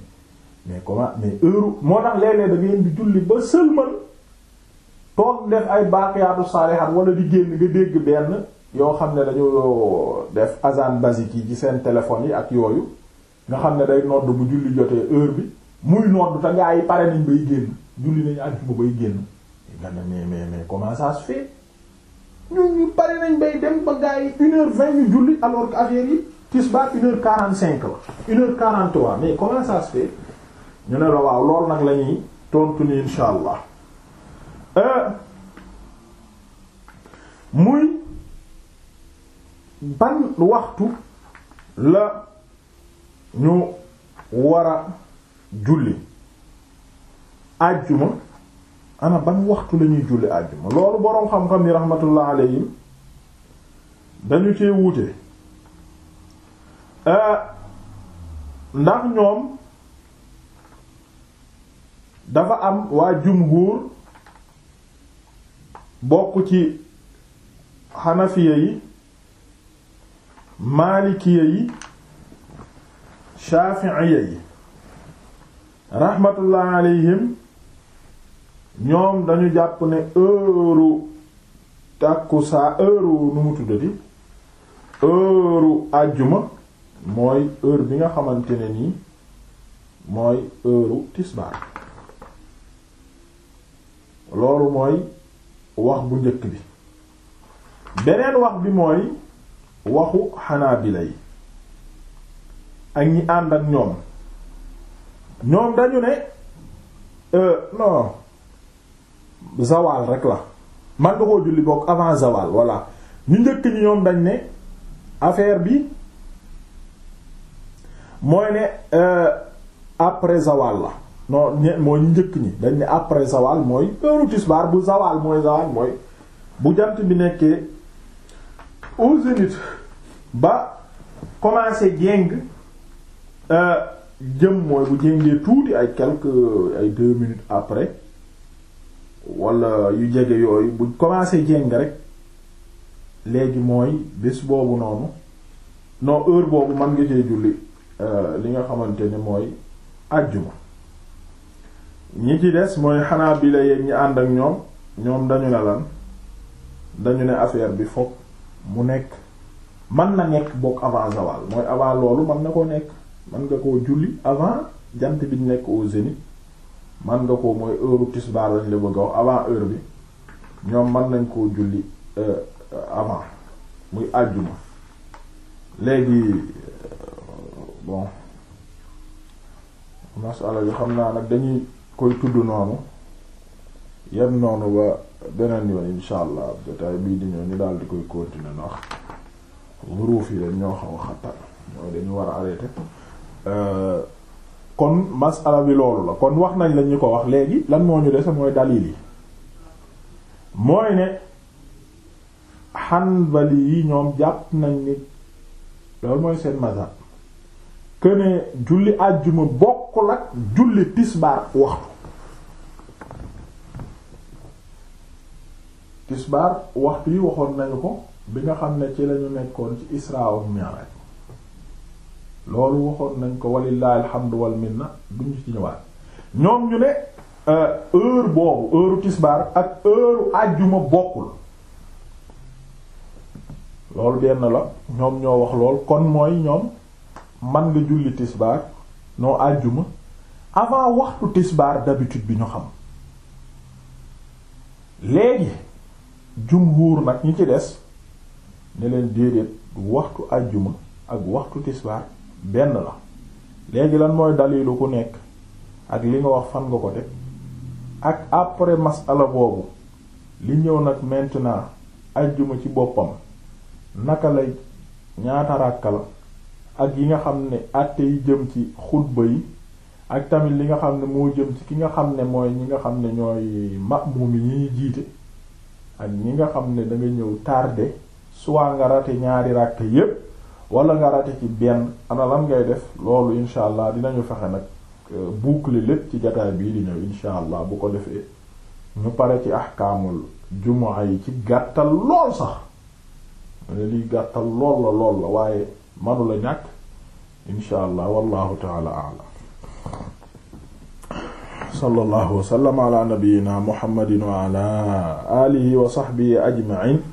mais comment mais heure moo tax léeg-léeg da ngeen di julli ba sëlmal toog def ay baaqiyaatu saalihaat wala di génn nga dégg benn yoo xam ne dañoo def azan basique yi ci seen téléphone yi ak yooyu nga xam ne day nodd bu julli jotee heure bi muy nodd ta gaa ay pare nañ bay génn. julli nañu àjjuma bay génn mais mais mais comment ça se fait ñun ñu bari nañ bay dem ba gars une heure vingt ñu julli alors que affaire yi tisbaar une heure quarante cinq la une heure quarante trois mais comment fait ñu ne la waaw lool nag la ñuy tontu ni insha allah euh, muy ban waxtu la ñu war julli àjjuma ana ban waxtu la julli àjjuma loolu boroom xam-xam yi rahmatullah alayhim dañu ci wuute euh, ndax ñoom dafa am waa jumhuur bokk ci xanafiya yi maalikiya yi shaafiiya yi rahmatullah alayhim ñoom dañu jàpp ne heure tàkkusaa heure nu mu tuddati heure àjjuma mooy heure bi nga xamante ne nii mooy heure tisbaar loolu mooy wax bu njëkk bi beneen wax bi mooy waxu xanaabila yi ak ñi àndak ñoom ñoom dañu ne euh, non zawal rek la man nga koo julli bokk avant zawal voilà ñu njëkk ñi ñoom dañ ne affaire bi mooy ne euh, après zawal la non mooy ñu njëkk ñi dañ ne après zawal mooy heure tisbaar bu zawal mooy zawal mooy bu jant bi nekkee au zénith ba commencé jéng euh, jëm mooy bu jéngee tuuti ay quelques ay deux minutes après wala yu jege yooyu bu commencé jéng rek léegi mooy bés boobu noonu no heure boobu man nga cee julli euh, li nga xamante ni mooy àjjuma ñi ci des mooy xanaa bi la yéen ñi ànd ak ñoom ñoom dañu ne lan dañu ne affaire bi fokk mu nekk man na nekk bokk avant zawal mooy avant loolu man na koo nekk man nga ko julli avant jant bi nekk au zénith man nga ko mooy heure tisbaar lañ la bëgg a wax avant heure bi ñoom man nañ koo julli euh, avant muy àjjuma léegi euh, bon masala bi xam naa nag dañuy koy tudd noonu yem noonu ba beneen yoon insha allah jotaay bii di ñëw ñu daal di koy continuer ndax ruuf yi dañ ñoo xaw a xattal ñooy dañu war a arrêter euh, kon masala bi loolu la kon wax nañ la ñu ko wax léegi lan moo ñu dese mooy dalil yi mooy ne xanbali yi ñoom jàpp nañ ni loolu mooy seen mazhab que ne julli àjjuma bokk ak julli tisbaar waxtu tisbaar waxtu yi waxoon nañu ko bi nga xam ne ci lañu nekkoon ci Isra wal Mi'raj loolu waxoon nañ ko walillahi alhamdu wal minna duñ ci wax ñoom ñu ne euh, heure boobu heure tisbaar ak heure àjjuma bokkul loolu benn la ñoom ñoo wax lool kon mooy ñoom man nga julli tisbaar noo àjjuma avant waxtu tisbaar d'habitude bi ñu xam léegi jumhuur nag ñi ci des ne leen déedéet waxtu àjjuma ak waxtu tisbaar benn la léegi lan mooy dalilu ku nekk ak li nga wax fan nga ko teg ak après masala boobu li ñëw nag maintenant ajjuma ci boppam naka la ñaata ràkka la ak yi nga xam ne àtte yi jëm ci xutba yi ak tamit li nga xam ne moo jëm ci ki nga xam ne mooy ñi nga xam ne ñooy ma'muum yi ñu ñuy jiite ak ñi nga xam ne da ñëw tardé soit nga raté ñaari ràkk yépp wala nga rate ci benn ana lan ngay def loolu incha dinañu fexe nag euh, boucler lépp ci jataay bii di ñëw incha bu ko defee ñu pare ci ahkaamul jumaa yi ci gàttal lool sax ne liy gàttal lool la lool la waaye manu la ñàkk incha allah wallahu taala a'lam sallallahu ala nabiyyina muhammadin wa alihi wa sahbihi ajma'in